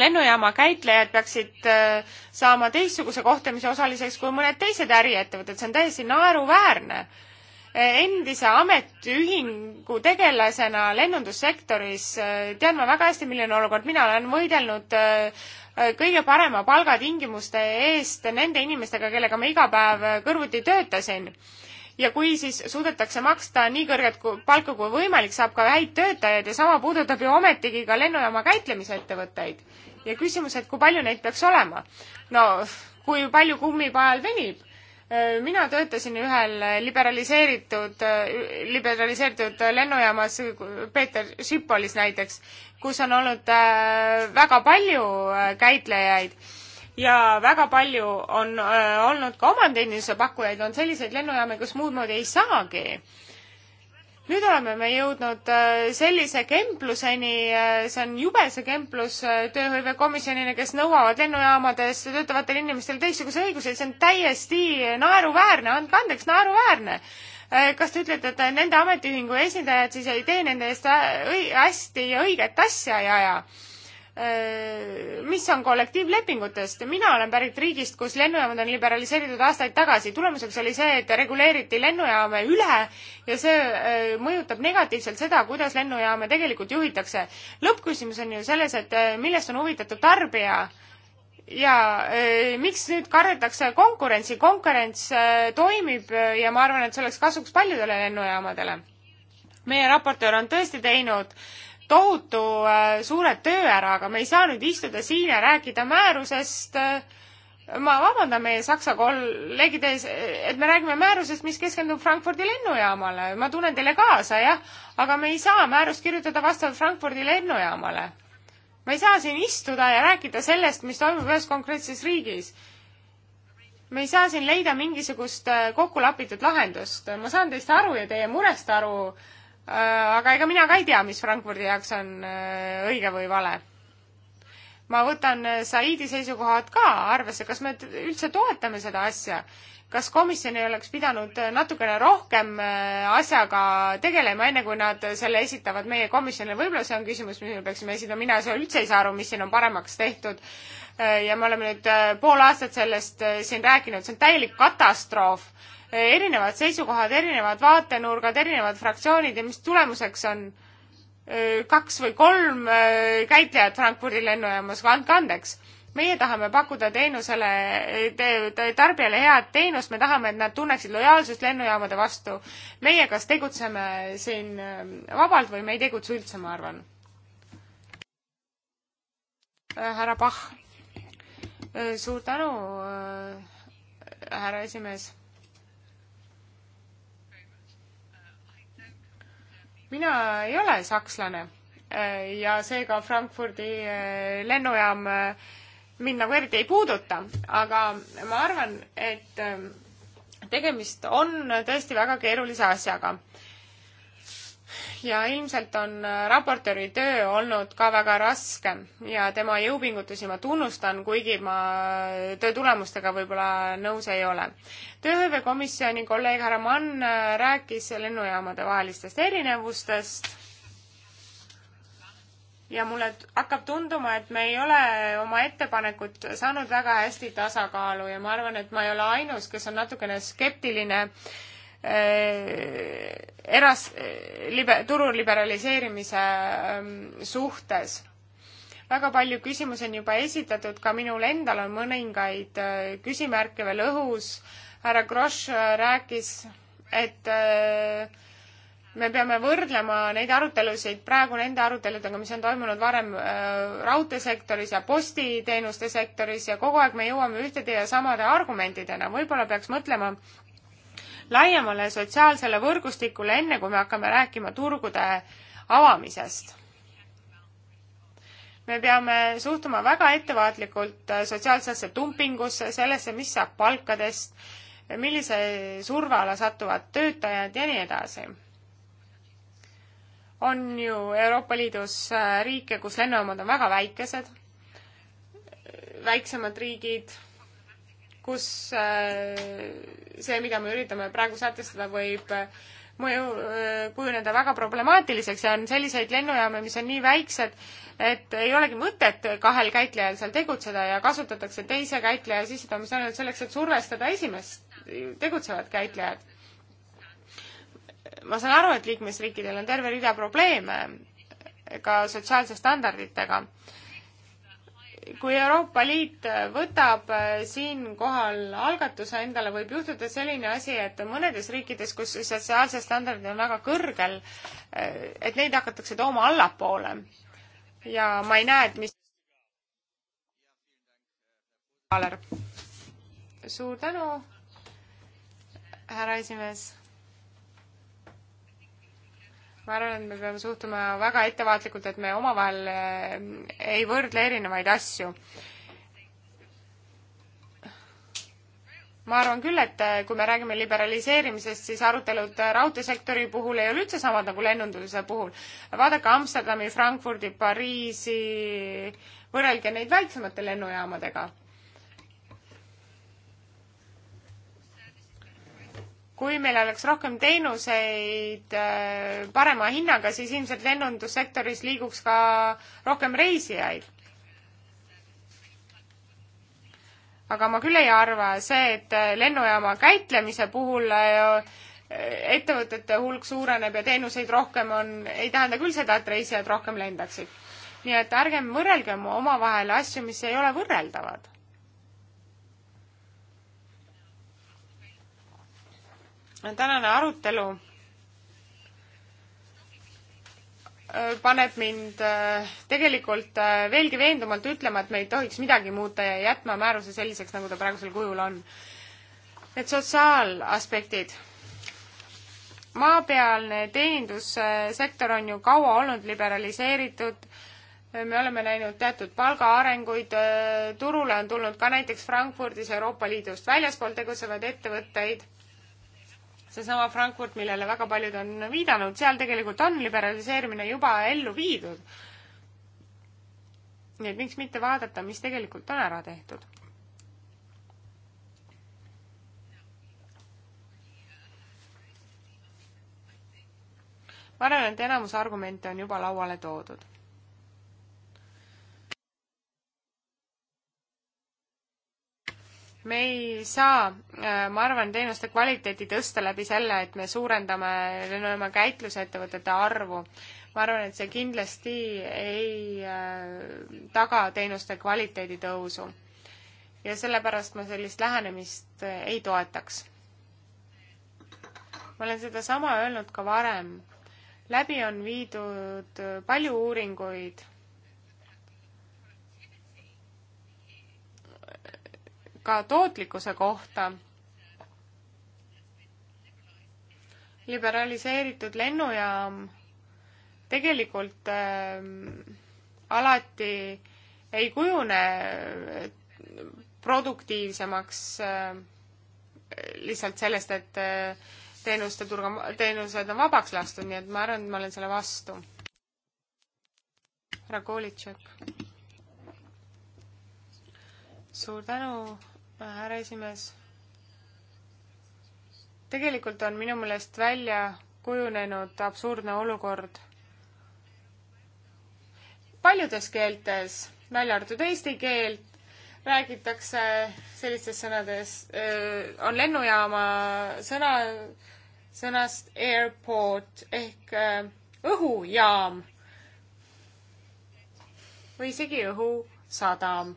lennujaama käitlejad peaksid äh, saama teistsuguse kohtlemise osaliseks kui mõned teised äriettevõtted, see on täiesti naeruväärne. Äh, endise ametiühingu tegelasena lennundussektoris äh, tean ma väga hästi, milline olukord, mina olen võidelnud kõige parema palgatingimuste eest nende inimestega, kellega ma iga päev kõrvuti töötasin ja kui siis suudetakse maksta nii kõrget palka kui võimalik, saab ka häid töötajaid ja sama puudutab ju ometigi ka lennujaama käitlemisettevõtteid ja küsimus, et kui palju neid peaks olema? no kui palju kummipajal venib? mina töötasin ühel liberaliseeritud, liberaliseeritud lennujaamas, Peeter Šipolis näiteks, kus on olnud väga palju käitlejaid ja väga palju on äh, olnud ka omanditeenuse pakkujaid, on selliseid lennujaame, kus muud moodi ei saagi äh, nüüd oleme me jõudnud äh, sellise kempluseni, äh, see on jubese kemplus äh, tööhõivekomisjonina, kes nõuavad lennujaamades töötavatel inimestel teistsuguse õiguse, see on täiesti naeruväärne, andke andeks, naeruväärne. kas te ütlete, et nende ametiühingu esindajad siis ei tee nende eest hästi ja õiget asja ja, ja Äh, mis on kollektiivlepingutest. mina olen pärit riigist, kus lennujaamad on liberaliseeritud aastaid tagasi. tulemuseks oli see, et reguleeriti lennujaame üle ja see äh, mõjutab negatiivselt seda, kuidas lennujaame tegelikult juhitakse. lõppküsimus on ju selles, et äh, millest on huvitatud tarbija ja miks nüüd kardetakse konkurentsi. konkurents toimib ja ma arvan, et see oleks kasuks paljudele lennujaamadele. meie raportöör on tõesti teinud äh, tohutu äh, suure töö ära, aga me ei saa nüüd istuda siin ja rääkida määrusest. ma vabandan meie saksa kolleegide ees, et me räägime määrusest, mis keskendub Frankfurdi lennujaamale. ma tunnen teile kaasa, jah, aga me ei saa määrust kirjutada vastavalt Frankfurdi lennujaamale. ma ei saa siin istuda ja rääkida sellest, mis toimub ühes konkreetses riigis me ei saa siin leida mingisugust äh, kokku lapitud lahendust. ma saan teist aru ja teie murest aru äh, Äh, aga ega mina ka ei tea, mis Frankfurdi jaoks on äh, õige või vale. ma võtan äh, Saidi seisukohad ka arvesse, kas me üldse toetame seda asja, kas komisjon ei oleks pidanud natukene rohkem asjaga tegelema, enne kui nad selle esitavad meie komisjonile, võib-olla see on küsimus, mille me peaksime esitama, mina seal üldse ei saa aru, mis siin on paremaks tehtud. ja me oleme nüüd pool aastat sellest siin rääkinud, see on täielik katastroof erinevad seisukohad, erinevad vaatenurgad, erinevad fraktsioonid ja mis tulemuseks on kaks või kolm käitlejat Frankfurdi lennujaamas, andke andeks. meie tahame pakkuda teenusele te,, tarbijale head teenust, me tahame, et nad tunneksid lojaalsust lennujaamade vastu. meie kas tegutseme siin vabalt või me ei tegutse üldse, ma arvan. Äh, härra Pahh, äh, suur tänu, äh, härra esimees mina ei ole sakslane eh, ja seega Frankfurdi eh, lennujaam eh, mind nagu eriti ei puuduta, aga ma arvan, et tegemist on tõesti väga keerulise asjaga ja ilmselt on äh, raportööri töö olnud ka väga raske ja tema jõupingutusi ma tunnustan, kuigi ma äh, töö tulemustega võib-olla nõus ei ole. tööhõivekomisjoni kolleeg härra Mann äh, rääkis lennujaamade vahelistest erinevustest ja mulle hakkab tunduma, et me ei ole oma ettepanekut saanud väga hästi tasakaalu ja ma arvan, et ma ei ole ainus, kes on natukene skeptiline äh, Äh, eras-, libe-, turu liberaliseerimise ähm, suhtes. väga palju küsimusi on juba esitatud, ka minul endal on mõningaid äh, küsimärke veel õhus. härra Grosch äh, rääkis, et me peame võrdlema neid arutelusid praegu nende aruteludega, mis on toimunud varem raudteesektoris ja postiteenuste sektoris ja kogu aeg me jõuame ühtede ja samade argumentidena. võib-olla peaks mõtlema laiemale sotsiaalsele võrgustikule, enne kui me hakkame rääkima turgude avamisest. me peame suhtuma väga ettevaatlikult äh, sotsiaalsesse dumpingusse, sellesse, mis saab palkadest, millise surve alla satuvad töötajad ja nii edasi. on ju Euroopa Liidus äh, riike, kus lennujaamad on väga väikesed, väiksemad riigid kus äh, see, mida me üritame praegu sätestada, võib äh, mõju äh, kujuneda väga problemaatiliseks ja on selliseid lennujaame, mis on nii väiksed, et ei olegi mõtet kahel käitlejal seal tegutseda ja kasutatakse teise käitleja sissetoomist ainult selleks, et survestada esimest tegutsevat käitlejat. ma saan aru, et liikmesriikidel on terve rida probleeme ka sotsiaalse standarditega kui Euroopa Liit võtab äh, siinkohal algatuse endale, võib juhtuda selline asi, et mõnedes riikides, kus sotsiaalsed standardid on väga kõrgel, äh, et neid hakatakse tooma allapoole. ja ma ei näe, et mis. suur tänu, härra esimees ma arvan, et me peame suhtuma väga ettevaatlikult, et me omavahel eh, ei võrdle erinevaid asju. ma arvan küll, et eh, kui me räägime liberaliseerimisest, siis arutelud raudteesektori puhul ei ole üldse samad nagu lennunduse puhul. vaadake Amsterdami, Frankfurdi, Pariisi, võrrelge neid väiksemate lennujaamadega kui meil oleks rohkem teenuseid äh, parema hinnaga, siis ilmselt lennundussektoris liiguks ka rohkem reisijaid. aga ma küll ei arva, see, et äh, lennujaama käitlemise puhul äh, ettevõtete hulk suureneb ja teenuseid rohkem on, ei tähenda küll seda, et reisijad rohkem lendaksid. nii et ärgem võrrelgem omavahel asju, mis ei ole võrreldavad. tänane arutelu äh, paneb mind äh, tegelikult äh, veelgi veendumalt ütlema, et me ei tohiks midagi muuta ja jätma määruse selliseks, nagu ta praegusel kujul on. Need sotsiaalaspektid. maapealne teenindussektor on ju kaua olnud liberaliseeritud, me oleme näinud teatud palgaarenguid, turule on tulnud ka näiteks Frankfurdis Euroopa Liidust väljaspool tegutsevaid ettevõtteid seesama Frankfurt, millele väga paljud on viidanud, seal tegelikult on liberaliseerimine juba ellu viidud. nii et miks mitte vaadata, mis tegelikult on ära tehtud. ma arvan, et enamus argumente on juba lauale toodud. me ei saa, äh, ma arvan, teenuste kvaliteeti tõsta läbi selle, et me suurendame lennujaama käitlusettevõtete arvu. ma arvan, et see kindlasti ei äh, taga teenuste kvaliteedi tõusu. ja sellepärast ma sellist lähenemist äh, ei toetaks. ma olen sedasama öelnud ka varem. läbi on viidud palju uuringuid ka tootlikkuse kohta. liberaliseeritud lennujaam tegelikult äh, alati ei kujune äh, produktiivsemaks äh, lihtsalt sellest, et äh, teenuste turga, teenused on vabaks lastud, nii et ma arvan, et ma olen selle vastu. härra Kolitšek. suur tänu, härra esimees. tegelikult on minu meelest välja kujunenud absurdne olukord. paljudes keeltes, välja arvatud eesti keelt, räägitakse sellistes sõnades, on lennujaama sõna, sõnast airport ehk õhujaam või isegi õhusadam.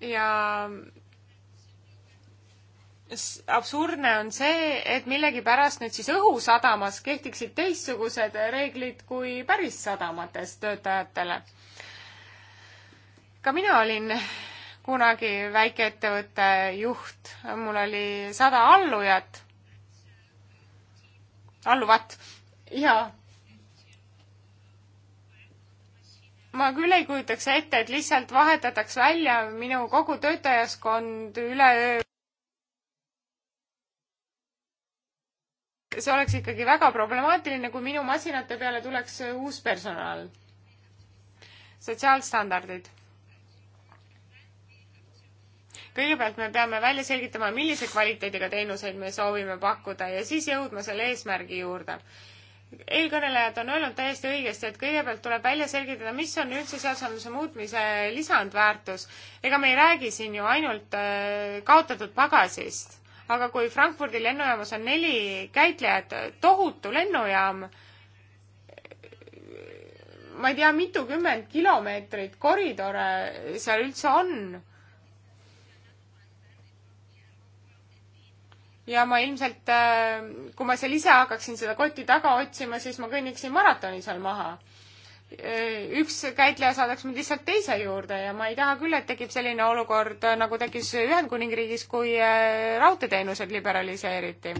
ja absurdne on see, et millegipärast nüüd siis õhusadamas kehtiksid teistsugused reeglid kui päris sadamates töötajatele. ka mina olin kunagi väikeettevõtte juht, mul oli sada allujat, alluvat ja ma küll ei kujutaks ette, et lihtsalt vahetatakse välja minu kogu töötajaskond üleöö see oleks ikkagi väga problemaatiline, kui minu masinate peale tuleks uus personal. sotsiaalstandardid. kõigepealt me peame välja selgitama, millise kvaliteediga teenuseid me soovime pakkuda ja siis jõudma selle eesmärgi juurde eelkõnelejad on öelnud täiesti õigesti, et kõigepealt tuleb välja selgitada, mis on üldse seadusandluse muutmise lisandväärtus. ega me ei räägi siin ju ainult äh, kaotatud pagasist aga kui Frankfurdi lennujaamas on neli käitlejat, tohutu lennujaam, ma ei tea, mitukümmend kilomeetrit koridore seal üldse on. ja ma ilmselt, äh, kui ma seal ise hakkaksin seda kotti taga otsima, siis ma kõnniksin maratoni seal maha üks käitleja saadaks mind lihtsalt teise juurde ja ma ei taha küll, et tekib selline olukord, nagu tekkis Ühendkuningriigis, kui äh, raudteeteenused liberaliseeriti.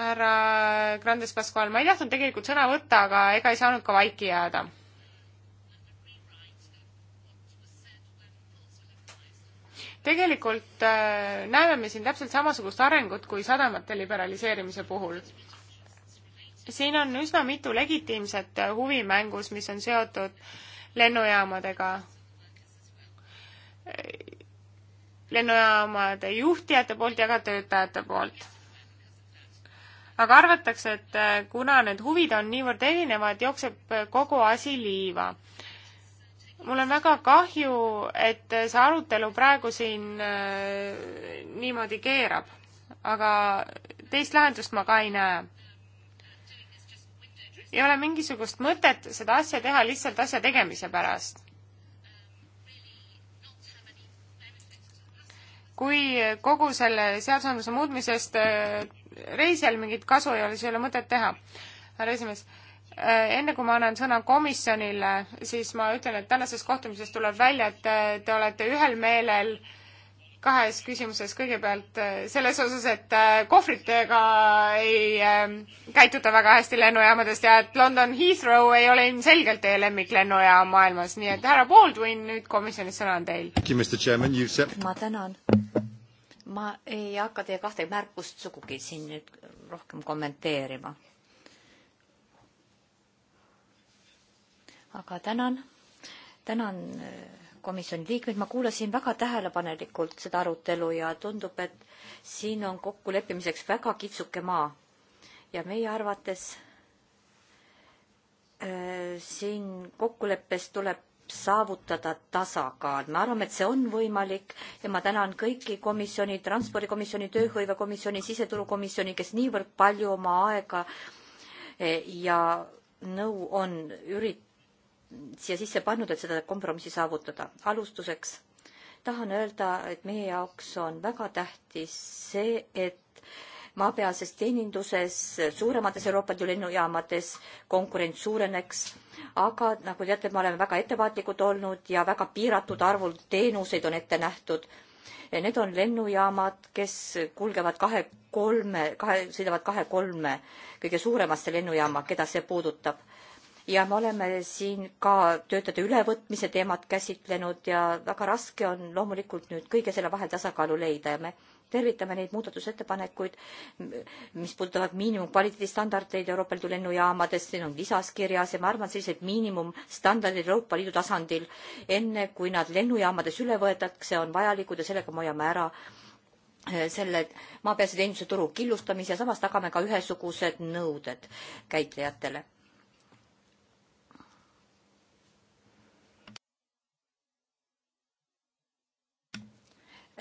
härra Grandes Pascual, ma ei tahtnud tegelikult sõna võtta, aga ega ei saanud ka vaiki jääda tegelikult äh, näeme me siin täpselt samasugust arengut kui sadamate liberaliseerimise puhul siin on üsna mitu legitiimset huvi mängus, mis on seotud lennujaamadega. lennujaamade juhtijate poolt ja ka töötajate poolt. aga arvatakse, et äh, kuna need huvid on niivõrd erinevad, jookseb äh, kogu asi liiva. mul on väga kahju, et äh, see arutelu praegu siin niimoodi keerab, aga teist lahendust ma ka ei näe ei ole mingisugust mõtet seda asja teha lihtsalt asja tegemise pärast. kui kogu selle seadusandluse muutmisest äh, reisil mingit kasu ei ole, siis ei ole mõtet teha. härra esimees, äh, enne kui ma annan sõna komisjonile, siis ma ütlen, et tänasest kohtumisest tuleb välja, et äh, te olete ühel meelel äh, kahes küsimuses kõigepealt äh, selles osas, et äh, kohvritega ei ähm, käituta väga hästi lennujaamadest ja et London Heathrow ei ole ilmselgelt teie lemmiklennujaam maailmas, nii et härra Baldwin, nüüd komisjonis sõna on teil. ma tänan. ma ei hakka teie kahte märkust sugugi siin nüüd rohkem kommenteerima. aga tänan, tänan äh, komisjoni liikmed, ma kuulasin väga tähelepanelikult seda arutelu ja tundub, et siin on kokkuleppimiseks väga kitsuke maa. ja meie arvates äh, siin kokkuleppes tuleb saavutada tasakaal. me arvame, et see on võimalik ja ma tänan kõiki komisjoni, transpordikomisjoni, tööhõivekomisjoni, siseturukomisjoni, kes niivõrd palju oma aega eh, ja nõu on üritanud siia sisse pannud, et seda kompromissi saavutada. alustuseks tahan öelda, et meie jaoks on väga tähtis see, et maapealses teeninduses suuremates Euroopa Liidu lennujaamades konkurents suureneks, aga nagu teate, me oleme väga ettevaatlikud olnud ja väga piiratud arvul teenuseid on ette nähtud. Need on lennujaamad, kes kulgevad kahe-kolme, kahe, sõidavad kahe-kolme kõige suuremasse lennujaama, keda see puudutab ja me oleme siin ka töötajate ülevõtmise teemat käsitlenud ja väga raske on loomulikult nüüd kõige selle vahel tasakaalu leida ja me tervitame neid muudatusettepanekuid, mis puudutavad miinimumkvaliteedistandardeid Euroopa Liidu lennujaamades, siin on lisas kirjas ja ma arvan, sellised miinimumstandardid Euroopa Liidu tasandil, enne kui nad lennujaamades üle võetakse, on vajalikud ja sellega me hoiame ära eh, selle maapealse teenuse turu killustamise ja samas tagame ka ühesugused nõuded käitlejatele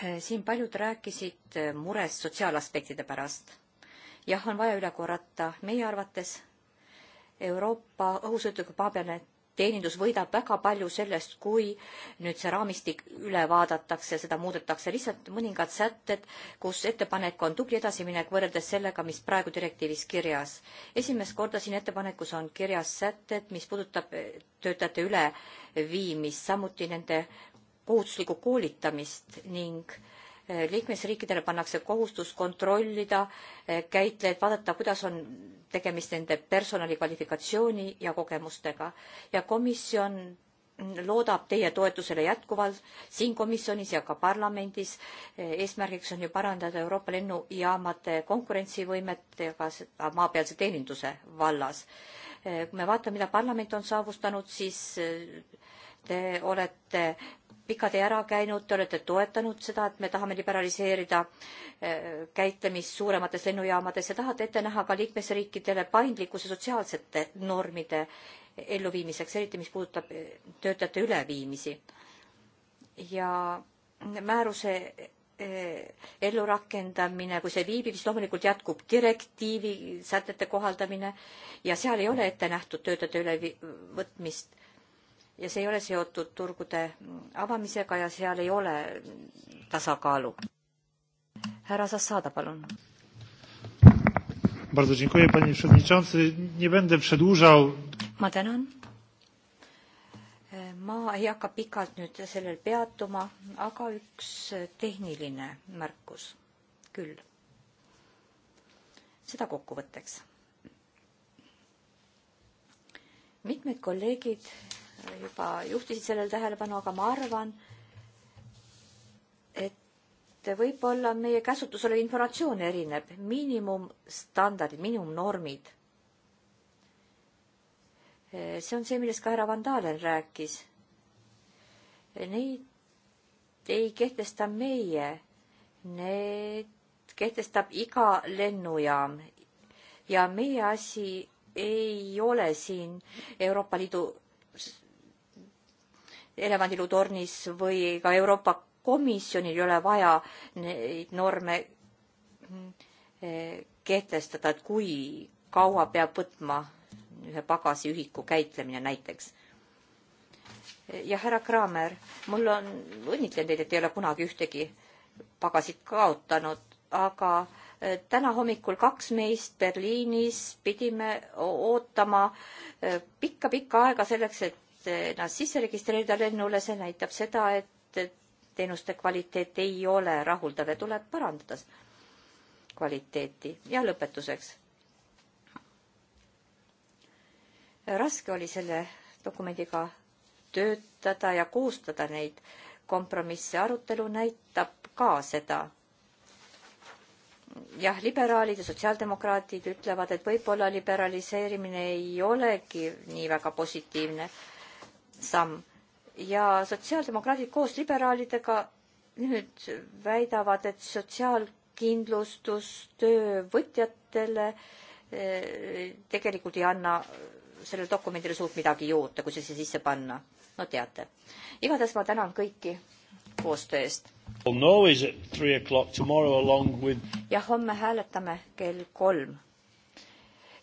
Äh, siin paljud rääkisid äh, murest sotsiaalaspektide pärast. jah, on vaja üle korrata, meie arvates Euroopa õhusõiduga paabjane teenindus võidab väga palju sellest, kui nüüd see raamistik üle vaadatakse, seda muudetakse, lihtsalt mõningad sätted, kus ettepanek on tubli edasiminek võrreldes sellega, mis praegu direktiivis kirjas. esimest korda siin ettepanekus on kirjas sätted, mis puudutab töötajate üleviimist, samuti nende kohustuslikku koolitamist ning eh, liikmesriikidele pannakse kohustus kontrollida eh, käitlejaid, vaadata, kuidas on tegemist nende personali kvalifikatsiooni ja kogemustega ja komisjon mm, loodab teie toetusele jätkuvalt siin komisjonis ja ka parlamendis. Eh, eesmärgiks on ju parandada Euroopa lennujaamade konkurentsivõimet ja ka ah, maapealse teeninduse vallas. kui me vaatame, mida parlament on saavutanud, siis te olete pika tee ära käinud, te olete toetanud seda, et me tahame liberaliseerida eh, käitlemist suuremates lennujaamades ja tahate ette näha ka liikmesriikidele paindlikkuse sotsiaalsete normide elluviimiseks, eriti mis puudutab eh, töötajate üleviimisi. ja määruse eh, ellurakendamine, kui see viibib, siis loomulikult jätkub direktiivi sätete kohaldamine ja seal ei ole ette nähtud töötajate ülevõtmist ja see ei ole seotud turgude avamisega ja seal ei ole tasakaalu. härra Sassada, palun. ma tänan. ma ei hakka pikalt nüüd sellel peatuma, aga üks tehniline märkus küll. seda kokkuvõtteks. mitmed kolleegid juba juhtisid sellele tähelepanu, aga ma arvan, et võib-olla meie käsutus olev informatsioon erineb, miinimumstandardid, miinimumnormid. see on see, millest ka härra Vandalen rääkis. Neid ei kehtesta meie, need kehtestab iga lennujaam ja meie asi ei ole siin Euroopa Liidu elevandiluutornis või ka Euroopa Komisjonil ei ole vaja neid norme eh, kehtestada, et kui kaua peab võtma ühe pagasiühiku käitlemine näiteks. ja härra Kramer, mul on, õnnitlen teid, et ei ole kunagi ühtegi pagasit kaotanud, aga eh, täna hommikul kaks meist Berliinis pidime ootama eh, pikka-pikka aega selleks, et saavad ennast sisse registreerida lennule, see näitab seda, et teenuste kvaliteet ei ole rahuldav ja tuleb parandada kvaliteeti. ja lõpetuseks. raske oli selle dokumendiga töötada ja koostada neid kompromisse, arutelu näitab ka seda jah, liberaalid ja sotsiaaldemokraadid ütlevad, et võib-olla liberaliseerimine ei olegi nii väga positiivne, samm ja sotsiaaldemokraadid koos liberaalidega nüüd väidavad, et sotsiaalkindlustus töövõtjatele eh, tegelikult ei anna sellele dokumendile suurt midagi juurde, kui see siia sisse panna. no teate. igatahes ma tänan kõiki koostöö eest. ja homme hääletame kell kolm.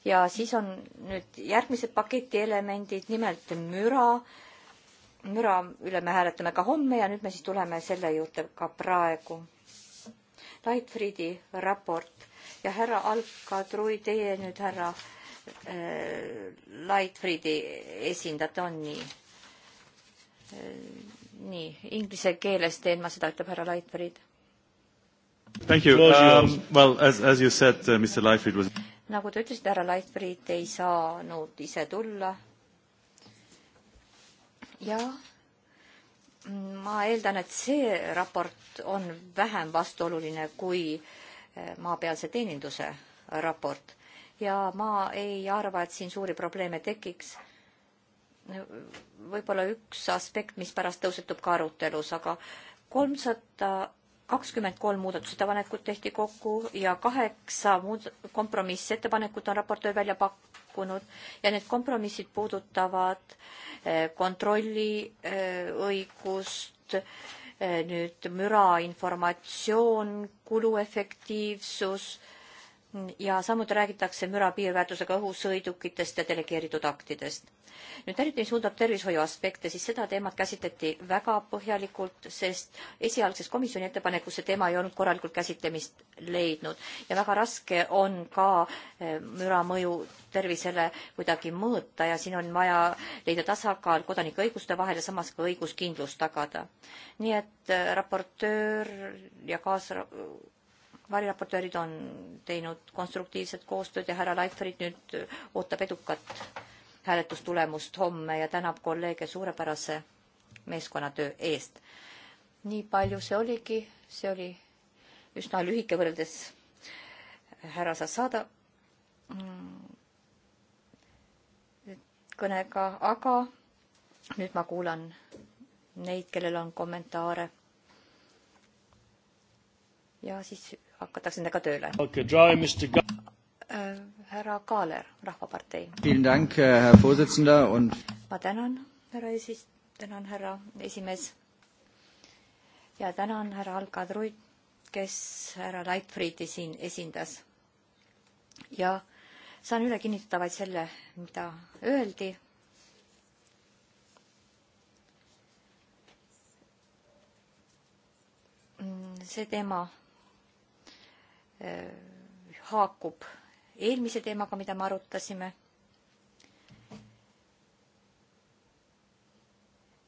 ja siis on nüüd järgmised paketi elemendid, nimelt müra müra üle me hääletame ka homme ja nüüd me siis tuleme selle juurde ka praegu. Lightfriedi raport ja härra Alka-Trui, teie nüüd härra äh, Lightfriedi esindajat on nii äh,? nii, inglise keeles teen ma seda, ütleb härra Lightfried. Thank you um,. Well, as, as you said uh,, Mr Lightfried was nagu te ütlesite, härra Lightfried ei saanud ise tulla ja ma eeldan, et see raport on vähem vastuoluline kui eh, maapealse teeninduse raport ja ma ei arva, et siin suuri probleeme tekiks. võib-olla üks aspekt, mis pärast tõusetub ka arutelus, aga kolmsada kakskümmend kolm muudatusettepanekut tehti kokku ja kaheksa muud kompromissettepanekut on raportöör välja pak-, jätkunud ja need kompromissid puudutavad eh, kontrolli eh, õigust, eh, nüüd müra informatsioon, kuluefektiivsus ja samuti räägitakse müra piirväärtusega õhusõidukitest ja delegeeritud aktidest. nüüd eriti, mis puudutab tervishoiu aspekte, siis seda teemat käsitleti väga põhjalikult, sest esialgses komisjoni ettepanekus see teema ei olnud korralikult käsitlemist leidnud ja väga raske on ka eh, müra mõju tervisele kuidagi mõõta ja siin on vaja leida tasakaal kodanike õiguste vahel ja samas ka õiguskindlus tagada. nii et eh, raportöör ja kaas variraportöörid on teinud konstruktiivset koostööd ja härra Leifrit nüüd ootab edukat hääletustulemust homme ja tänab kolleege suurepärase meeskonnatöö eest. nii palju see oligi, see oli üsna lühike võrreldes härra Sassada mm, kõnega, aga nüüd ma kuulan neid, kellel on kommentaare. ja siis hakatakse nendega tööle okay,. Äh, härra Kaaler, Rahvapartei. Äh, ma tänan, härra esis-, tänan, härra esimees. ja tänan härra Alkadrui, kes härra Leitfriedi siin esindas. ja saan üle kinnitada vaid selle, mida öeldi mm, see teema Äh, haakub eelmise teemaga, mida me arutasime.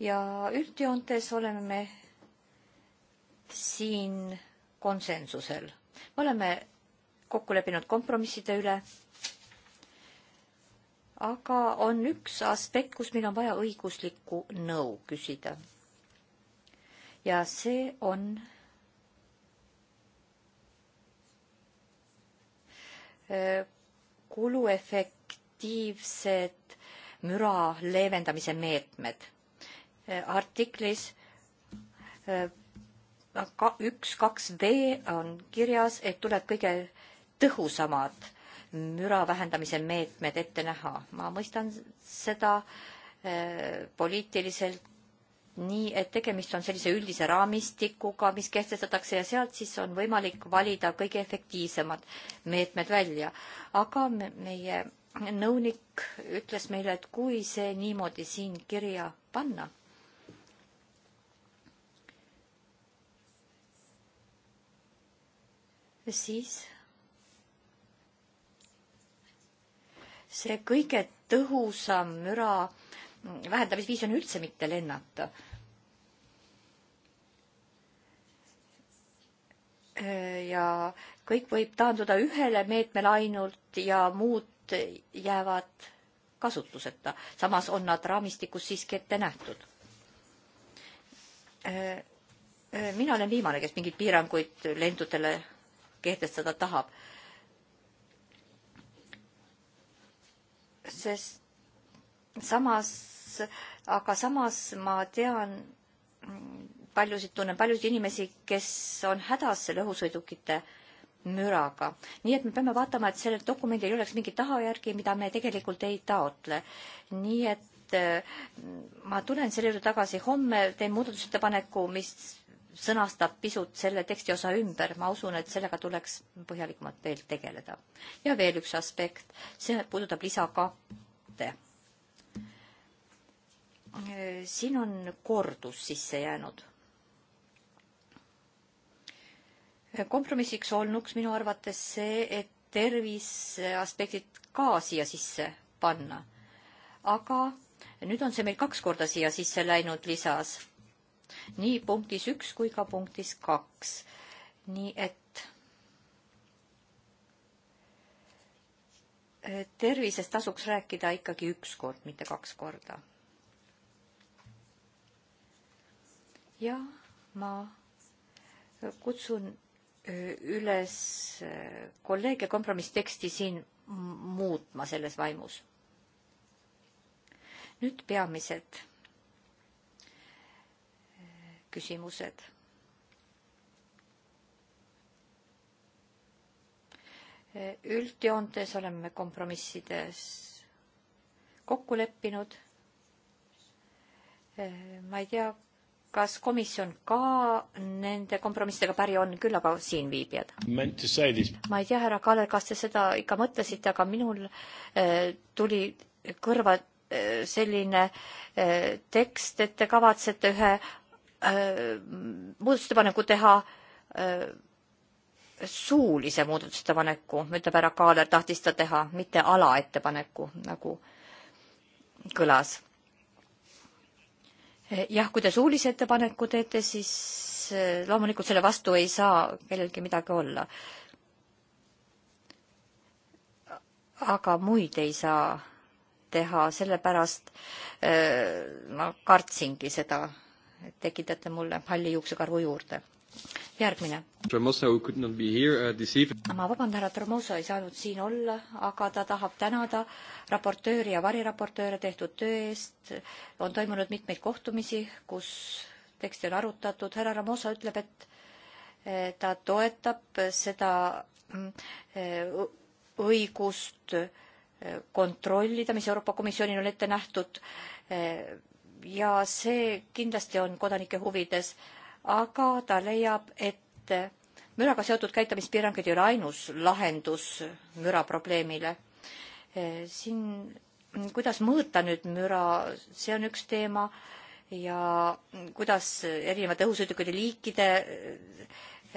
ja üldjoontes oleme me siin konsensusel. me oleme kokku leppinud kompromisside üle. aga on üks aspekt, kus meil on vaja õiguslikku nõu küsida. ja see on kuluefektiivsed müra leevendamise meetmed. artiklis üks, kaks B on kirjas, et tuleb kõige tõhusamad müra vähendamise meetmed ette näha. ma mõistan seda poliitiliselt nii et tegemist on sellise üldise raamistikuga, mis kehtestatakse ja sealt siis on võimalik valida kõige efektiivsemad meetmed välja. aga meie nõunik ütles meile, et kui see niimoodi siin kirja panna, siis see kõige tõhusam müra vähendamisviis on üldse mitte lennata Äh, ja kõik võib taanduda ühele meetmele ainult ja muud jäävad kasutuseta. samas on nad raamistikus siiski ette nähtud. Äh, äh, mina olen viimane, kes mingeid piiranguid lendudele kehtestada tahab. sest samas, aga samas ma tean mm, paljusid, tunnen paljusid inimesi, kes on hädas selle õhusõidukite müraga. nii et me peame vaatama, et sellel dokumendil ei oleks mingit tagajärgi, mida me tegelikult ei taotle. nii et äh, ma tulen selle juurde tagasi homme, teen muudatusettepaneku, mis sõnastab pisut selle tekstiosa ümber, ma usun, et sellega tuleks põhjalikumalt veel tegeleda. ja veel üks aspekt, see puudutab lisa kahte. Äh, siin on kordus sisse jäänud kompromissiks olnuks minu arvates see, et terviseaspektid ka siia sisse panna. aga nüüd on see meil kaks korda siia sisse läinud lisas. nii punktis üks kui ka punktis kaks. nii et tervisest tasuks rääkida ikkagi üks kord, mitte kaks korda. ja ma kutsun üles äh, kolleege kompromissteksti siin muutma selles vaimus. nüüd peamised äh, küsimused. Äh, üldjoontes oleme kompromissides kokku leppinud. ma ei tea, kas komisjon ka nende kompromissidega päri on, küll aga siinviibijad? ma ei tea, härra Kaller, kas te seda ikka mõtlesite, aga minul äh, tuli kõrva äh, selline äh, tekst, et te kavatsete ühe äh, muudatusettepaneku teha äh, suulise muudatusettepaneku, ütleb härra Kaaler, tahtis ta teha, mitte alaettepaneku, nagu kõlas jah, kui te suulise ettepaneku teete, siis eh, loomulikult selle vastu ei saa kellelgi midagi olla. aga muid ei saa teha, sellepärast eh, ma kartsingi seda, et tekitate mulle halli juuksekarvu juurde järgmine. Uh, ma vabandan, härra Tramosa ei saanud siin olla, aga ta tahab tänada raportööri ja variraportööre tehtud töö eest. on toimunud mitmeid kohtumisi, kus teksti on arutatud. härra Tramosa ütleb, et eh, ta toetab seda eh, õigust eh, kontrollida, mis Euroopa Komisjonil on ette nähtud. ja see kindlasti on kodanike huvides aga ta leiab, et müraga seotud käitumispiirangud ei ole ainus lahendus müraprobleemile. siin, kuidas mõõta nüüd müra, see on üks teema ja kuidas erinevate õhusõidukite liikide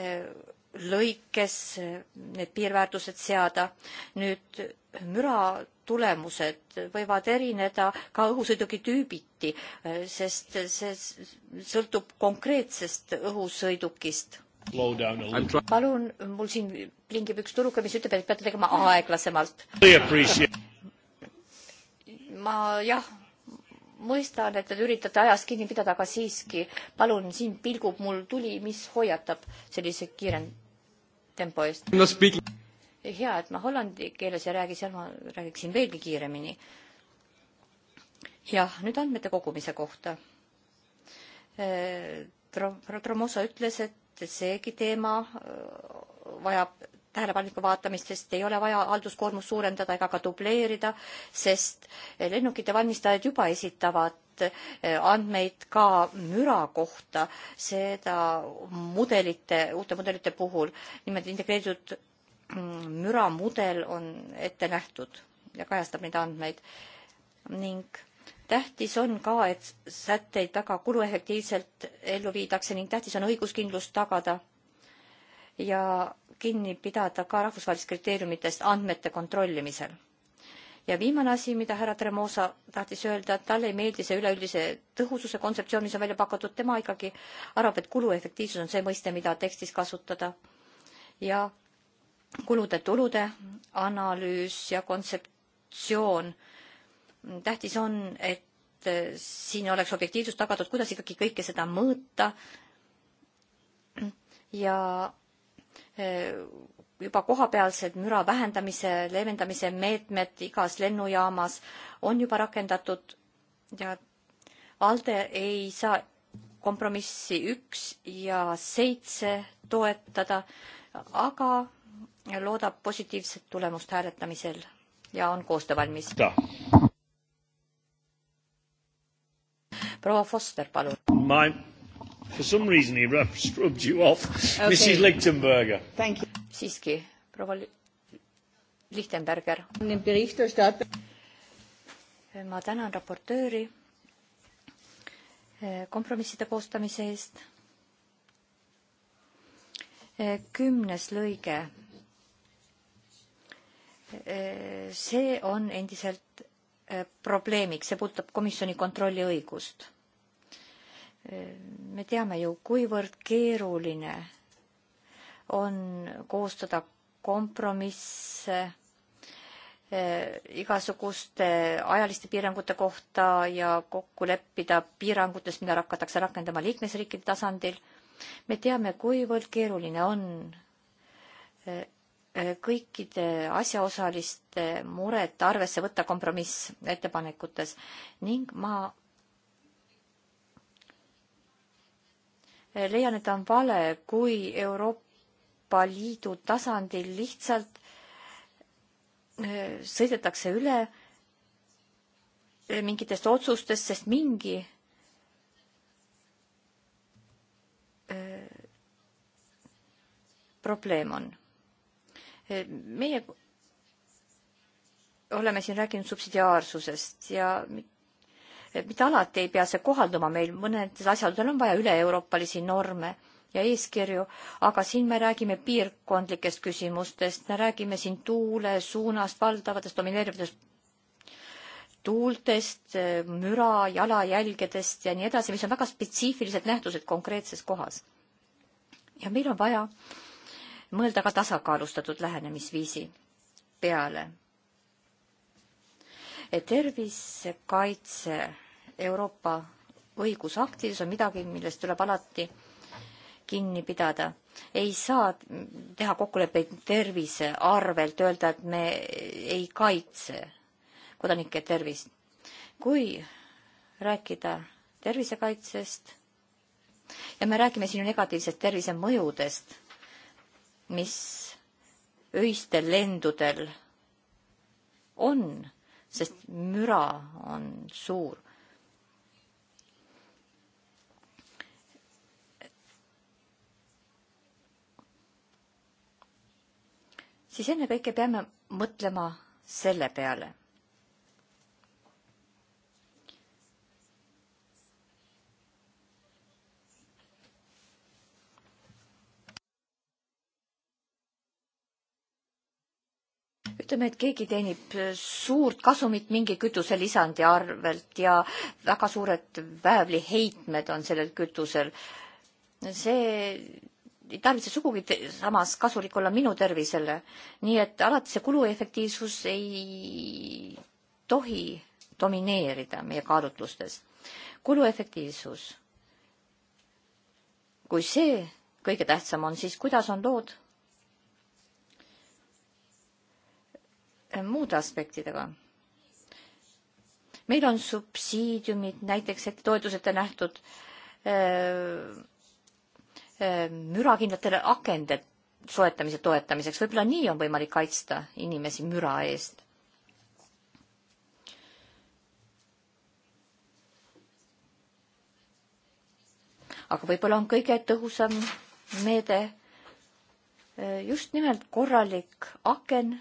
e, lõikes need piirväärtused seada. nüüd müra tulemused võivad erineda ka õhusõiduki tüübiti, sest see sõltub konkreetsest õhusõidukist. palun, mul siin plingib üks tuluke, mis ütleb, et peate tegema aeglasemalt. ma jah, mõistan, et te üritate ajast kinni pidada, aga siiski palun, siin pilgub mul tuli, mis hoiatab sellise kiire tempo eest hea, et ma hollandi keeles ei räägi, seal ma räägiksin veelgi kiiremini. jah, nüüd andmete kogumise kohta. Äh, Tromosa ütles, et seegi teema äh, vajab tähelepanelikku vaatamist, sest ei ole vaja halduskoormust suurendada ega ka dubleerida, sest lennukite valmistajad juba esitavad äh, andmeid ka müra kohta, seda mudelite, uute mudelite puhul, nimelt integreeritud Mm, müramudel on ette nähtud ja kajastab neid andmeid ning tähtis on ka, et sätteid väga kuluefektiivselt ellu viidakse ning tähtis on õiguskindlust tagada ja kinni pidada ka rahvusvahelist kriteeriumitest andmete kontrollimisel. ja viimane asi, mida härra Tremosa tahtis öelda, et talle ei meeldi see üleüldise tõhususe kontseptsioon, mis on välja pakutud, tema ikkagi arvab, et kuluefektiivsus on see mõiste, mida tekstis kasutada. ja kulude-tulude analüüs ja kontseptsioon. tähtis on, et äh, siin oleks objektiivsus tagatud, kuidas ikkagi kõike seda mõõta. ja äh, juba kohapealsed müra vähendamise, leevendamise meetmed igas lennujaamas on juba rakendatud ja ALDE ei saa kompromissi üks ja seitse toetada, aga loodab positiivset tulemust hääletamisel ja on koostöövalmis. proua Foster, palun. For some reason he rubbed you off okay.. Mrs Lichtenberger. siiski, proua Lichtenberger. ma tänan raportööri eh, kompromisside koostamise eest. Eh, kümnes lõige Äh, see on endiselt äh, probleemiks, see puudutab komisjoni kontrolliõigust. Äh, me teame ju, kuivõrd keeruline on koostada kompromisse igasuguste ajaliste piirangute kohta ja kokku leppida piirangutes, mida hakatakse rakendama liikmesriikide tasandil. me teame, kuivõrd keeruline on Äh, kõikide asjaosaliste muret arvesse võtta kompromissettepanekutes ning ma äh, leian, et on vale, kui Euroopa Liidu tasandil lihtsalt äh, sõidetakse üle mingitest otsustest, sest mingi probleem on Eh, meie oleme siin rääkinud subsidiaarsusest ja eh, mitte alati ei pea see kohalduma meil, mõnedel asjadel on vaja üle-euroopalisi norme ja eeskirju, aga siin me räägime piirkondlikest küsimustest, me räägime siin tuule suunast, valdavatest domineerivatest tuultest, eh, müra, jalajälgedest ja nii edasi, mis on väga spetsiifilised nähtused konkreetses kohas. ja meil on vaja äh, mõelda ka tasakaalustatud lähenemisviisi peale. tervisekaitse Euroopa õigusaktides on midagi, millest tuleb alati kinni pidada. ei saa teha kokkuleppeid tervise arvelt, öelda, et me ei kaitse kodanike tervist. kui rääkida tervisekaitsest ja me räägime sinu negatiivsest tervisemõjudest, mis öistel lendudel on, sest müra on suur. siis ennekõike peame mõtlema selle peale ütleme, et keegi teenib äh, suurt kasumit mingi kütuselisandi arvelt ja väga suured väävliheitmed on sellel kütusel. see ei tarvitse sugugi samas kasulik olla minu tervisele. nii et alati see kuluefektiivsus ei tohi domineerida meie kaalutlustes. kuluefektiivsus, kui see kõige tähtsam on, siis kuidas on lood muude aspektidega. meil on subsiidiumid näiteks ette toetus ette nähtud öö, öö, mürakindlatele akende soetamise toetamiseks, võib-olla nii on võimalik kaitsta inimesi müra eest. aga võib-olla on kõige tõhusam meede just nimelt korralik aken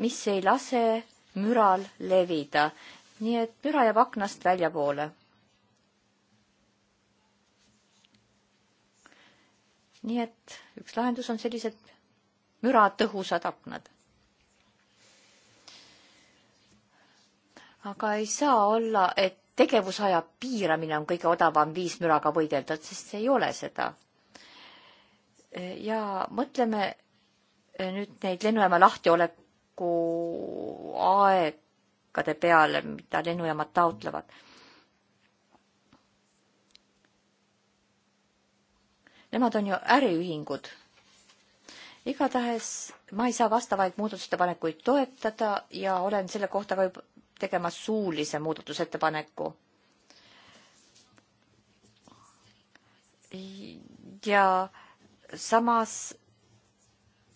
mis ei lase müral levida, nii et müra jääb aknast väljapoole. nii et üks lahendus on sellised müratõhusad aknad. aga ei saa olla, et tegevusaja piiramine on kõige odavam viis müraga võidelda, sest see ei ole seda. ja mõtleme nüüd neid lennujaama lahtiolek üleminekuaegade peale, mida lennujaamad taotlevad. Nemad on ju äriühingud. igatahes ma ei saa vastavaid muudatusettepanekuid toetada ja olen selle kohta ka juba tegemas suulise muudatusettepaneku ja samas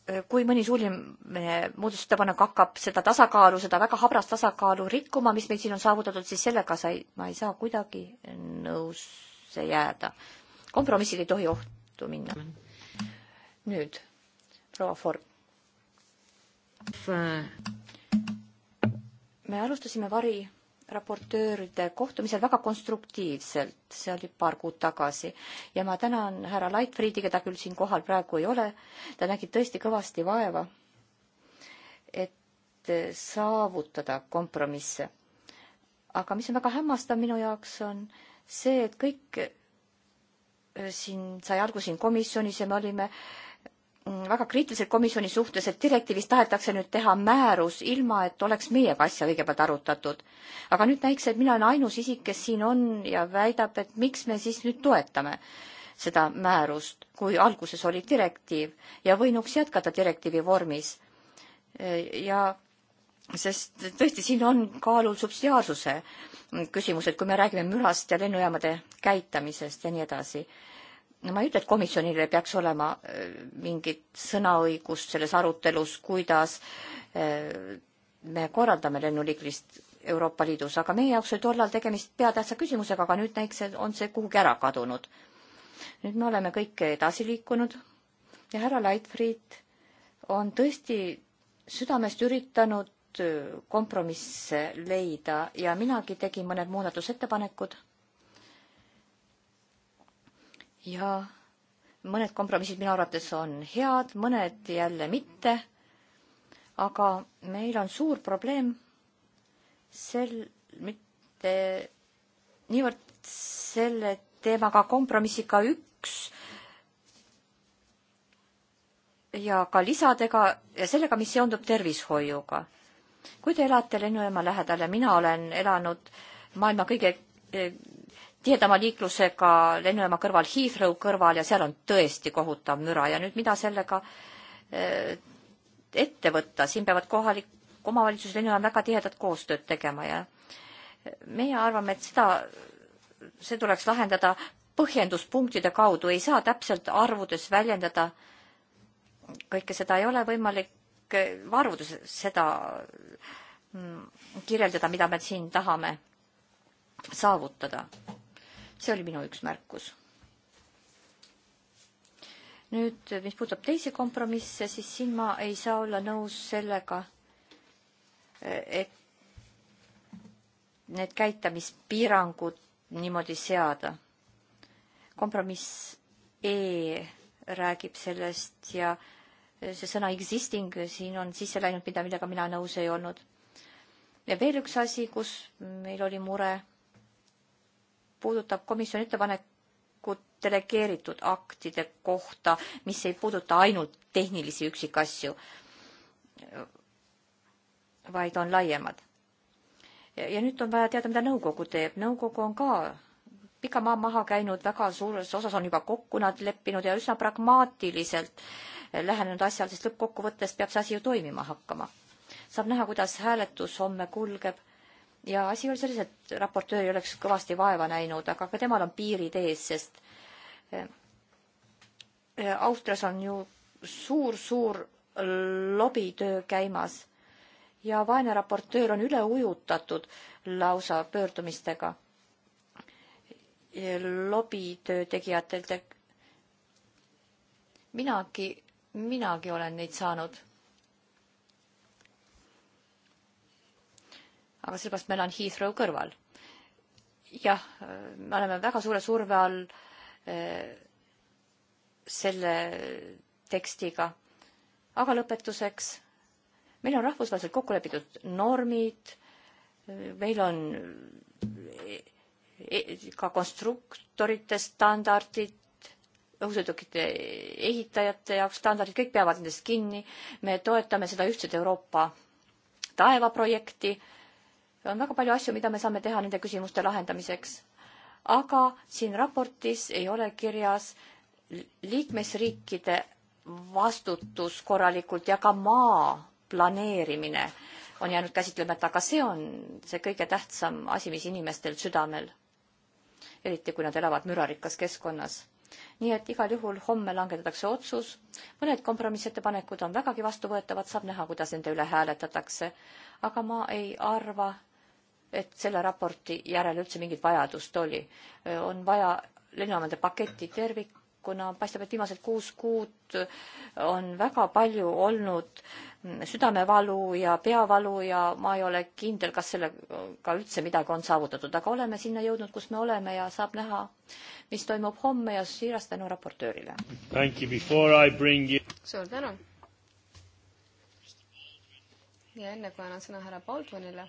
Äh, kui mõni suurimene muudatusettepanek hakkab seda tasakaalu, seda väga habrast tasakaalu rikkuma, mis meil siin on saavutatud, siis sellega sa ei, ma ei saa kuidagi nõusse jääda. kompromissil ei tohi ohtu minna. nüüd proua Ford. Äh. me alustasime vari raportööride kohtumisel väga konstruktiivselt, see oli paar kuud tagasi. ja ma tänan härra Leitfriedi, keda küll siin kohal praegu ei ole, ta nägi tõesti kõvasti vaeva, et saavutada kompromisse. aga mis on väga hämmastav minu jaoks, on see, et kõik äh, siin sai algus siin komisjonis ja me olime äh, Mm, väga kriitilised komisjoni suhtes, et direktiivist tahetakse nüüd teha määrus, ilma et oleks meiega asja kõigepealt arutatud. aga nüüd näiks, et mina olen ainus isik, kes siin on ja väidab, et miks me siis nüüd toetame seda määrust, kui alguses oli direktiiv ja võinuks jätkata direktiivi vormis. E, ja sest tõesti, siin on kaalul subsidiaarsuse küsimus, et kui me räägime mürast ja lennujaamade käitamisest ja nii edasi ma ei ütle, et komisjonile peaks olema äh, mingit sõnaõigust selles arutelus, kuidas äh, me korraldame lennuliiklist Euroopa Liidus, aga meie jaoks oli tollal tegemist peatähtsa küsimusega, aga nüüd näiteks on see kuhugi ära kadunud. nüüd me oleme kõik edasi liikunud ja härra Leitfried on tõesti südamest üritanud äh, kompromisse leida ja minagi tegin mõned muudatusettepanekud ja mõned kompromissid minu arvates on head, mõned jälle mitte. aga meil on suur probleem sel, mitte niivõrd selle teemaga kompromissiga üks ja ka lisadega ja sellega, mis seondub tervishoiuga. kui te elate lennujaama lähedal ja mina olen elanud maailma kõige tihedama liiklusega lennujaama kõrval, Heathrow kõrval ja seal on tõesti kohutav müra ja nüüd mida sellega eh, ette võtta, siin peavad kohalik omavalitsus ja lennujaam väga tihedat koostööd tegema ja meie arvame, et seda, see tuleks lahendada põhjenduspunktide kaudu, ei saa täpselt arvudes väljendada kõike seda, ei ole võimalik eh, arvudes seda mm, kirjeldada, mida me siin tahame saavutada see oli minu üks märkus. nüüd, mis puudutab teisi kompromisse, siis siin ma ei saa olla nõus sellega, et need käitamispiirangud niimoodi seada. kompromiss E räägib sellest ja see sõna existing siin on sisse läinud, mida, millega mina nõus ei olnud. ja veel üks asi, kus meil oli mure puudutab komisjoni ettepanekut delegeeritud aktide kohta, mis ei puuduta ainult tehnilisi üksikasju, vaid on laiemad. ja nüüd on vaja teada, mida nõukogu teeb. nõukogu on ka pika maa maha käinud, väga suures osas on juba kokku nad leppinud ja üsna pragmaatiliselt lähenenud asjal, sest lõppkokkuvõttes peab see asi ju toimima hakkama. saab näha, kuidas hääletus homme kulgeb ja asi oli selles, et raportöör ei oleks kõvasti vaeva näinud, aga ka temal on piirid ees, sest eh, eh, Austrias on ju suur-suur lobitöö käimas ja vaene raportöör on üle ujutatud lausa pöördumistega. Eh, lobitöö tegijatelt. minagi, minagi olen neid saanud aga sellepärast meil on Heathrow kõrval. jah, me oleme väga suure surve all eh, selle tekstiga. aga lõpetuseks, meil on rahvusvaheliselt kokku lepitud normid, meil on eh, eh, ka konstruktorite standardid, õhusõidukite ehitajate jaoks standardid, kõik peavad nendest kinni. me toetame seda ühtset Euroopa taevaprojekti on väga palju asju, mida me saame teha nende küsimuste lahendamiseks. aga siin raportis ei ole kirjas liikmesriikide vastutus korralikult ja ka maa planeerimine on jäänud käsitlemata, aga see on see kõige tähtsam asi, mis inimestel südamel, eriti kui nad elavad mürarikkas keskkonnas nii et igal juhul homme langetatakse otsus. mõned kompromissettepanekud on vägagi vastuvõetavad, saab näha, kuidas nende üle hääletatakse. aga ma ei arva, et selle raporti järele üldse mingit vajadust oli. on vaja lennujaamade paketti tervikuna, paistab, et viimased kuus kuud on väga palju olnud südamevalu ja peavalu ja ma ei ole kindel, kas sellega üldse midagi on saavutatud, aga oleme sinna jõudnud, kus me oleme ja saab näha, mis toimub homme ja siiras tänu raportöörile. suur tänu! ja enne kui annan sõna härra Baldwinile,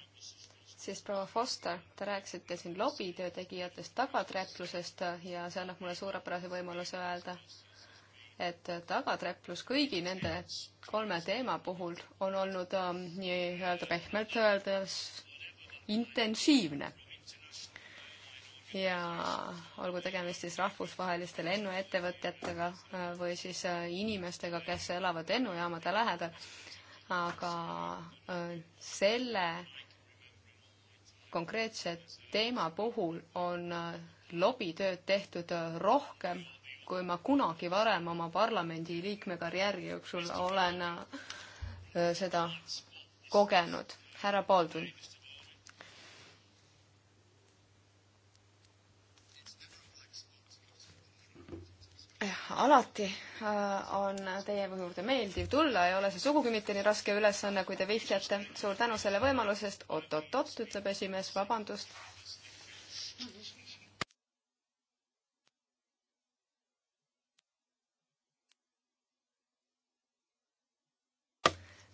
siis proua Foster, te rääkisite siin lobitöö tegijatest, tagaträplusest ja see annab mulle suurepärase võimaluse öelda, et tagaträplus kõigi nende kolme teema puhul on olnud ähm, nii-öelda pehmelt öeldes intensiivne. ja olgu tegemist siis rahvusvaheliste lennuettevõtjatega äh, või siis äh, inimestega, kes elavad lennujaamade lähedal, aga äh, selle konkreetse teema puhul on äh, lobitööd tehtud äh, rohkem, kui ma kunagi varem oma parlamendiliikme karjääri jooksul olen äh, seda kogenud. härra Baldwin alati äh, on teie juurde meeldiv tulla, ei ole see sugugi mitte nii raske ülesanne, kui te vihjate. suur tänu selle võimaluse eest oot,. oot-oot-oot, ütleb esimees, vabandust.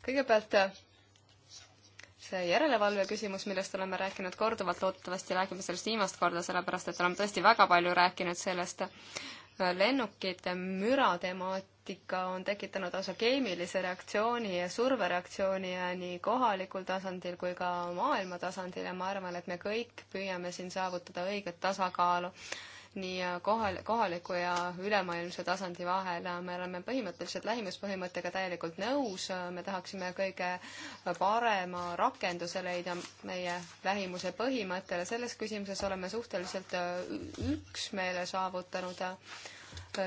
kõigepealt äh, see järelevalve küsimus, millest oleme rääkinud korduvalt, loodetavasti räägime sellest viimast korda, sellepärast et oleme tõesti väga palju rääkinud sellest lennukite müratemaatika on tekitanud lausa keemilise reaktsiooni ja survereaktsiooni ja nii kohalikul tasandil kui ka maailma tasandil ja ma arvan, et me kõik püüame siin saavutada õiget tasakaalu nii äh, kohal, kohaliku ja ülemaailmse tasandi vahel. me oleme põhimõtteliselt lähimuspõhimõttega täielikult nõus, me tahaksime kõige parema rakenduse leida meie lähimuse põhimõttele. selles küsimuses oleme suhteliselt äh, üksmeele saavutanud äh,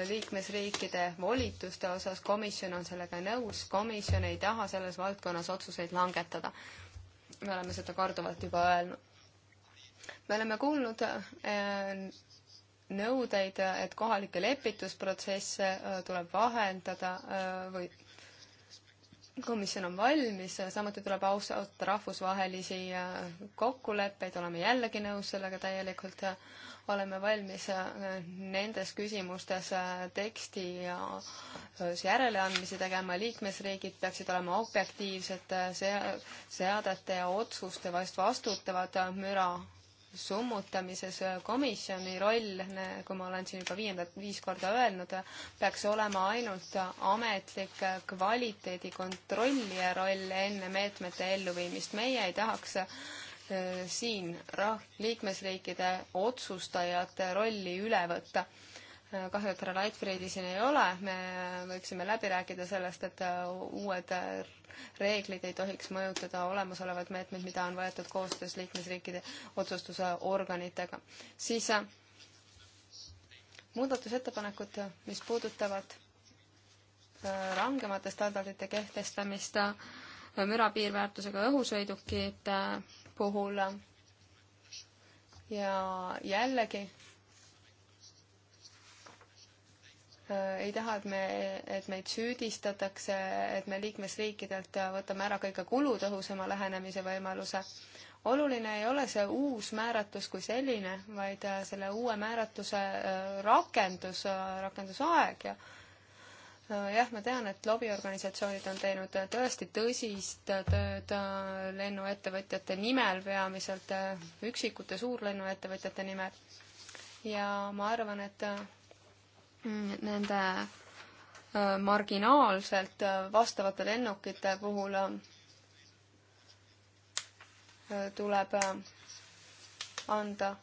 liikmesriikide volituste osas, komisjon on sellega nõus, komisjon ei taha selles valdkonnas otsuseid langetada. me oleme seda korduvalt juba öelnud. me oleme kuulnud nõudeid, et kohalikke lepitusprotsesse äh, tuleb vahendada äh, või komisjon on valmis, samuti tuleb austada rahvusvahelisi äh, kokkuleppeid, oleme jällegi nõus sellega täielikult, oleme valmis nendes küsimustes teksti ja järeleandmisi tegema, liikmesriigid peaksid olema objektiivsed seadete ja otsuste vastu vastutavad müra summutamises äh, komisjoni roll, nagu ma olen siin juba viiendat, viis korda öelnud, peaks olema ainult ametlik äh, kvaliteedikontrollija roll enne meetmete elluviimist. meie ei tahaks äh, siin rah-, liikmesriikide otsustajate rolli üle võtta kahju, et härra Leitfriedi siin ei ole, me võiksime läbi rääkida sellest, et uh, uued uh, reeglid ei tohiks mõjutada olemasolevaid meetmeid, mida on võetud koostöös liikmesriikide otsustusorganitega. siis uh, muudatusettepanekud, mis puudutavad rangemate standardite kehtestamist müra piirväärtusega õhusõidukite puhul ja jällegi Äh, ei taha, et me, et meid süüdistatakse, et me liikmesriikidelt võtame ära kõige kulutõhusama lähenemise võimaluse. oluline ei ole see uus määratus kui selline, vaid äh, selle uue määratuse äh, rakendus, rakendusaeg ja jah, ma tean, et lobiorganisatsioonid on teinud tõesti tõsist tööd lennuettevõtjate nimel peamiselt, üksikute suurlennuettevõtjate nimel. ja ma arvan, et nende äh, marginaalselt äh, vastavate lennukite puhul äh, tuleb anda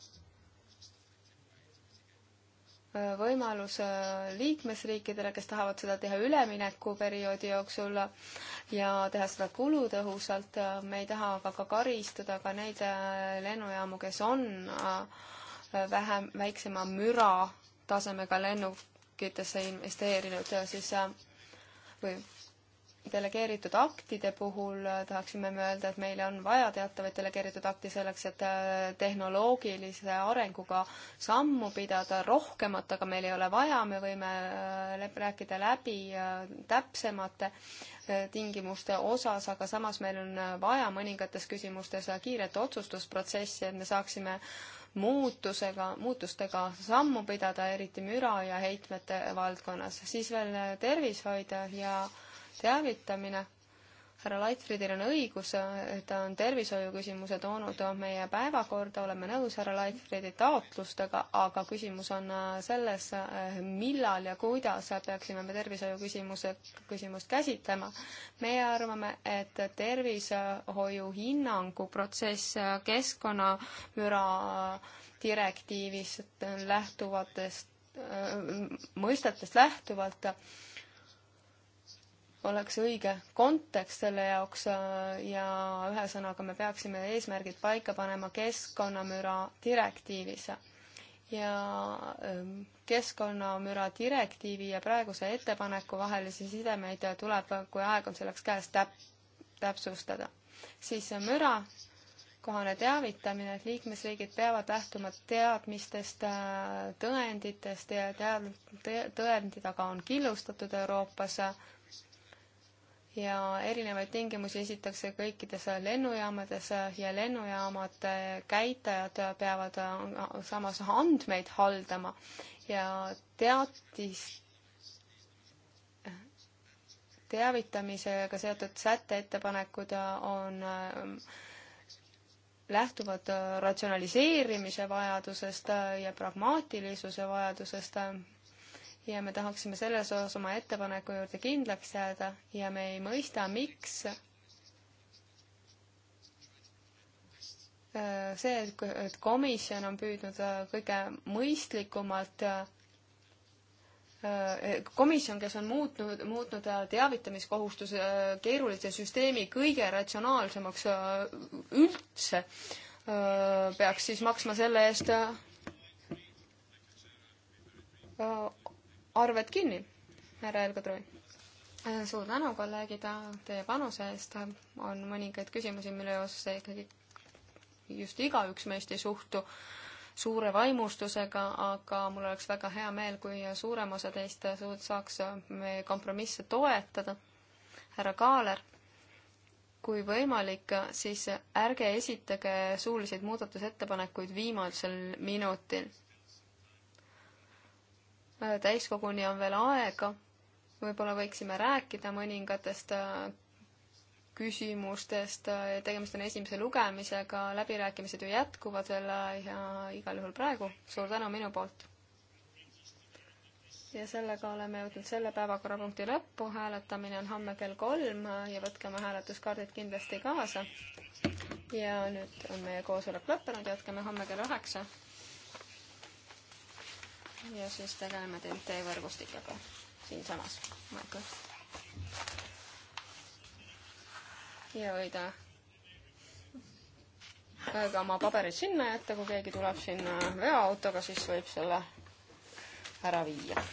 võimalus liikmesriikidele, kes tahavad seda teha üleminekuperioodi jooksul ja teha seda kulutõhusalt. me ei taha aga ka karistada ka neid lennujaamu, kes on vähem, väiksema müra tasemega lennukitesse investeerinud, siis äh, või delegeeritud aktide puhul äh, tahaksime me öelda, et meile on vaja teatavaid delegeeritud akte selleks, et äh, tehnoloogilise arenguga sammu pidada rohkemat, aga meil ei ole vaja, me võime rääkida läbi täpsemate tingimuste osas, aga samas meil on vaja mõningates küsimustes kiiret otsustusprotsessi, et me saaksime muutusega, muutustega sammu pidada, eriti müra ja heitmete valdkonnas. siis veel tervishoid ja teavitamine härra Leitfriedil on õigus, ta on tervishoiuküsimuse toonud meie päevakorda, oleme nõus härra Leitfriedi taotlustega, aga küsimus on äh, selles, äh, millal ja kuidas peaksime me tervishoiuküsimuse, küsimust käsitlema. meie arvame, et tervishoiuhinnangu protsess keskkonnamüra direktiivist lähtuvatest äh, mõistetest lähtuvalt oleks õige kontekst selle jaoks äh, ja ühesõnaga me peaksime eesmärgid paika panema keskkonnamüra direktiivis. ja ähm, keskkonnamüra direktiivi ja praeguse ettepaneku vahelisi sidemeid tuleb, kui aeg on selleks käes, täp-, täpsustada. siis müra kohane teavitamine, et liikmesriigid peavad lähtuma teadmistest, äh, tõenditest ja tead-, tõendid aga on killustatud Euroopas ja erinevaid tingimusi esitakse kõikides lennujaamades ja lennujaamade käitajad peavad samas andmeid haldama ja teatis, teavitamisega seotud sätteettepanekud on ähm, lähtuvad ratsionaliseerimise vajadusest ja pragmaatilisuse vajadusest, ja me tahaksime selles osas oma ettepaneku juurde kindlaks jääda ja me ei mõista, miks äh, see, et komisjon on püüdnud äh, kõige mõistlikumalt äh, komisjon, kes on muutnud, muutnud teavitamiskohustuse keerulise süsteemi kõige ratsionaalsemaks üldse, peaks siis maksma selle eest arved kinni, härra Elgadroi. suur tänu, kolleegid, teie panuse eest. on mõningaid küsimusi, mille osas ikkagi just igaüks meist ei suhtu suure vaimustusega, aga mul oleks väga hea meel, kui suurem osa teist saaks meie kompromisse toetada. härra Kaaler, kui võimalik, siis ärge esitage suuliseid muudatusettepanekuid viimasel minutil Äh, täiskoguni on veel aega, võib-olla võiksime rääkida mõningatest äh, küsimustest, äh, tegemist on esimese lugemisega, läbirääkimised ju jätkuvad veel ja igal juhul praegu suur tänu minu poolt. ja sellega oleme jõudnud selle päevakorrapunkti lõppu, hääletamine on homme kell kolm ja võtke oma hääletuskaardid kindlasti kaasa. ja nüüd on meie koosolek lõppenud, jätkame homme kell üheksa ja siis tegeleme TNT võrgustikega siinsamas, Michael. ja hoida ka oma paberid sinna jätta, kui keegi tuleb sinna veoautoga, siis võib selle ära viia.